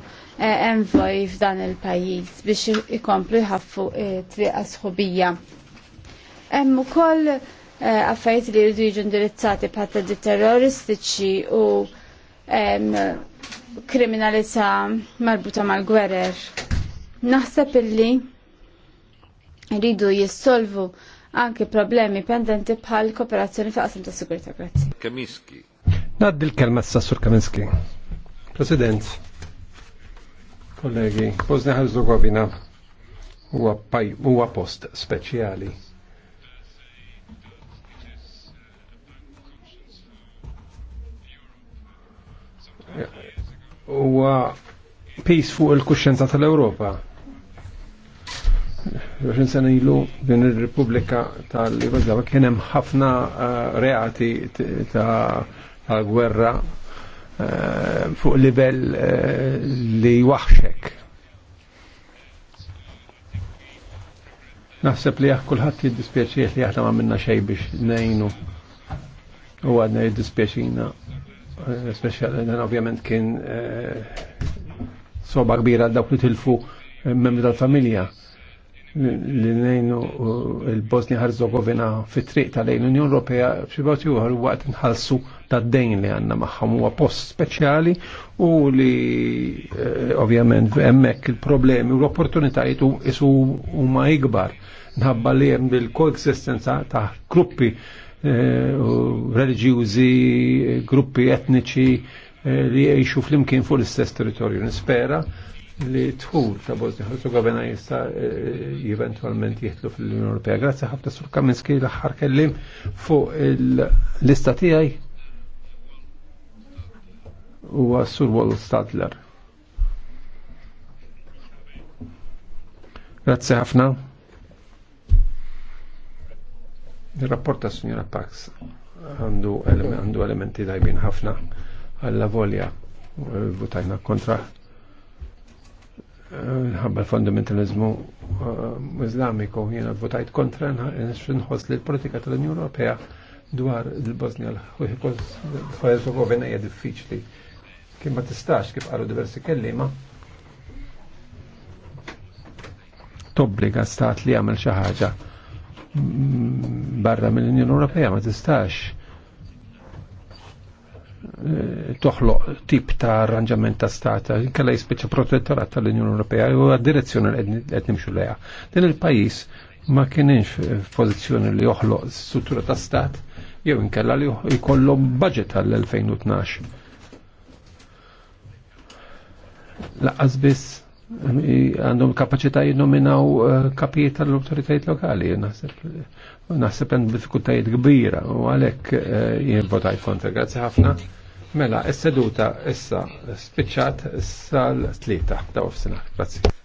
e, envoj f'dan il-pajjiż biex ikomplu jħaffu e, triq sħubija. Hemm ukoll għaffajt eh, li jridu jiġu indirizzati bħatta di terroristiċi u kriminalità marbuta mal-gwerer. Naħseb illi rridu jissolvu anke problemi pendenti bħal kooperazzjoni fi qasam ta' sigurità. Grazzi. Kamiski. Naddi l-kelma s-sassur Kamiski. President, kollegi, Bosnia Herzegovina huwa post speċjali huwa peace fuq il kuxxenza tal-Ewropa. 20 sena ilu din ir-Repubblika tal-Jugoslavja kien hemm ħafna eh, reati ta' gwerra eh, fuq livell eh, li waħxek. Naħseb li jgħak kullħat jiddispieċiet li jgħak ma minna xej biex nejnu. U għadna jiddispieċina speċjali eh, dan ovvjament kien eh, soba kbira dawk li tilfu eh, membri tal-familja li nejnu il-Bosnia Herzegovina fit-triq tal-lejn l-Unjon Ewropea b'xibgħat ieħor waqt inħallsu tad-dejn li għandna magħhom huwa post speċjali u li ovvjament hemmhekk il-problemi u l-opportunitajiet isu huma ikbar nħabba li hemm bil koexistenza ta' gruppi Eh, reliġjużi, eh, gruppi etniċi eh, li jgħixu flimkien fuq l-istess territorju. Nispera li tħur ta' Bosnia Herzegovina jista eventualment jieħdu fil-Unjoni Ewropea. Grazzi ħafna sur Kaminski l-aħħar kellim fuq l-lista tiegħi huwa Sur Wall Stadler. Grazzi ħafna. Il-rapport ta' Signora Pax għandu għandu elementi dajbin ħafna għalla volja eh, votajna kontra eh, ħabba l-fundamentalizmu eh, islamiku jena votajt kontra nħos li l-politika tal-Unjoni Ewropea dwar il-Bosnia l-Herzegovina hija diffiċli kien ma tistax kif qalu diversi kellima tobbliga stat li għamil xi ħaġa barra mill-Unjoni Ewropea ma tistax eh, toħloq tip ta' arranġament ta' stata, kalla jispeċa protettorat tal-Unjoni Ewropea u għad-direzzjoni qed nimxu lejha. Din il-pajjiż ma kienx eh, f'pożizzjoni li joħloq struttura ta' stat jew inkella li jkollhom budget għall-2012. Laqqas biss għandhom kapacità jinnominaw eh, kapijiet tal-autoritajiet lokali, naħseb għandhom diffikultajiet kbira u għalek eh, jinvotaj kontra. Grazie ħafna. Mela, s-seduta issa spiċċat sal-tlieta, daw f Grazzi. Grazie.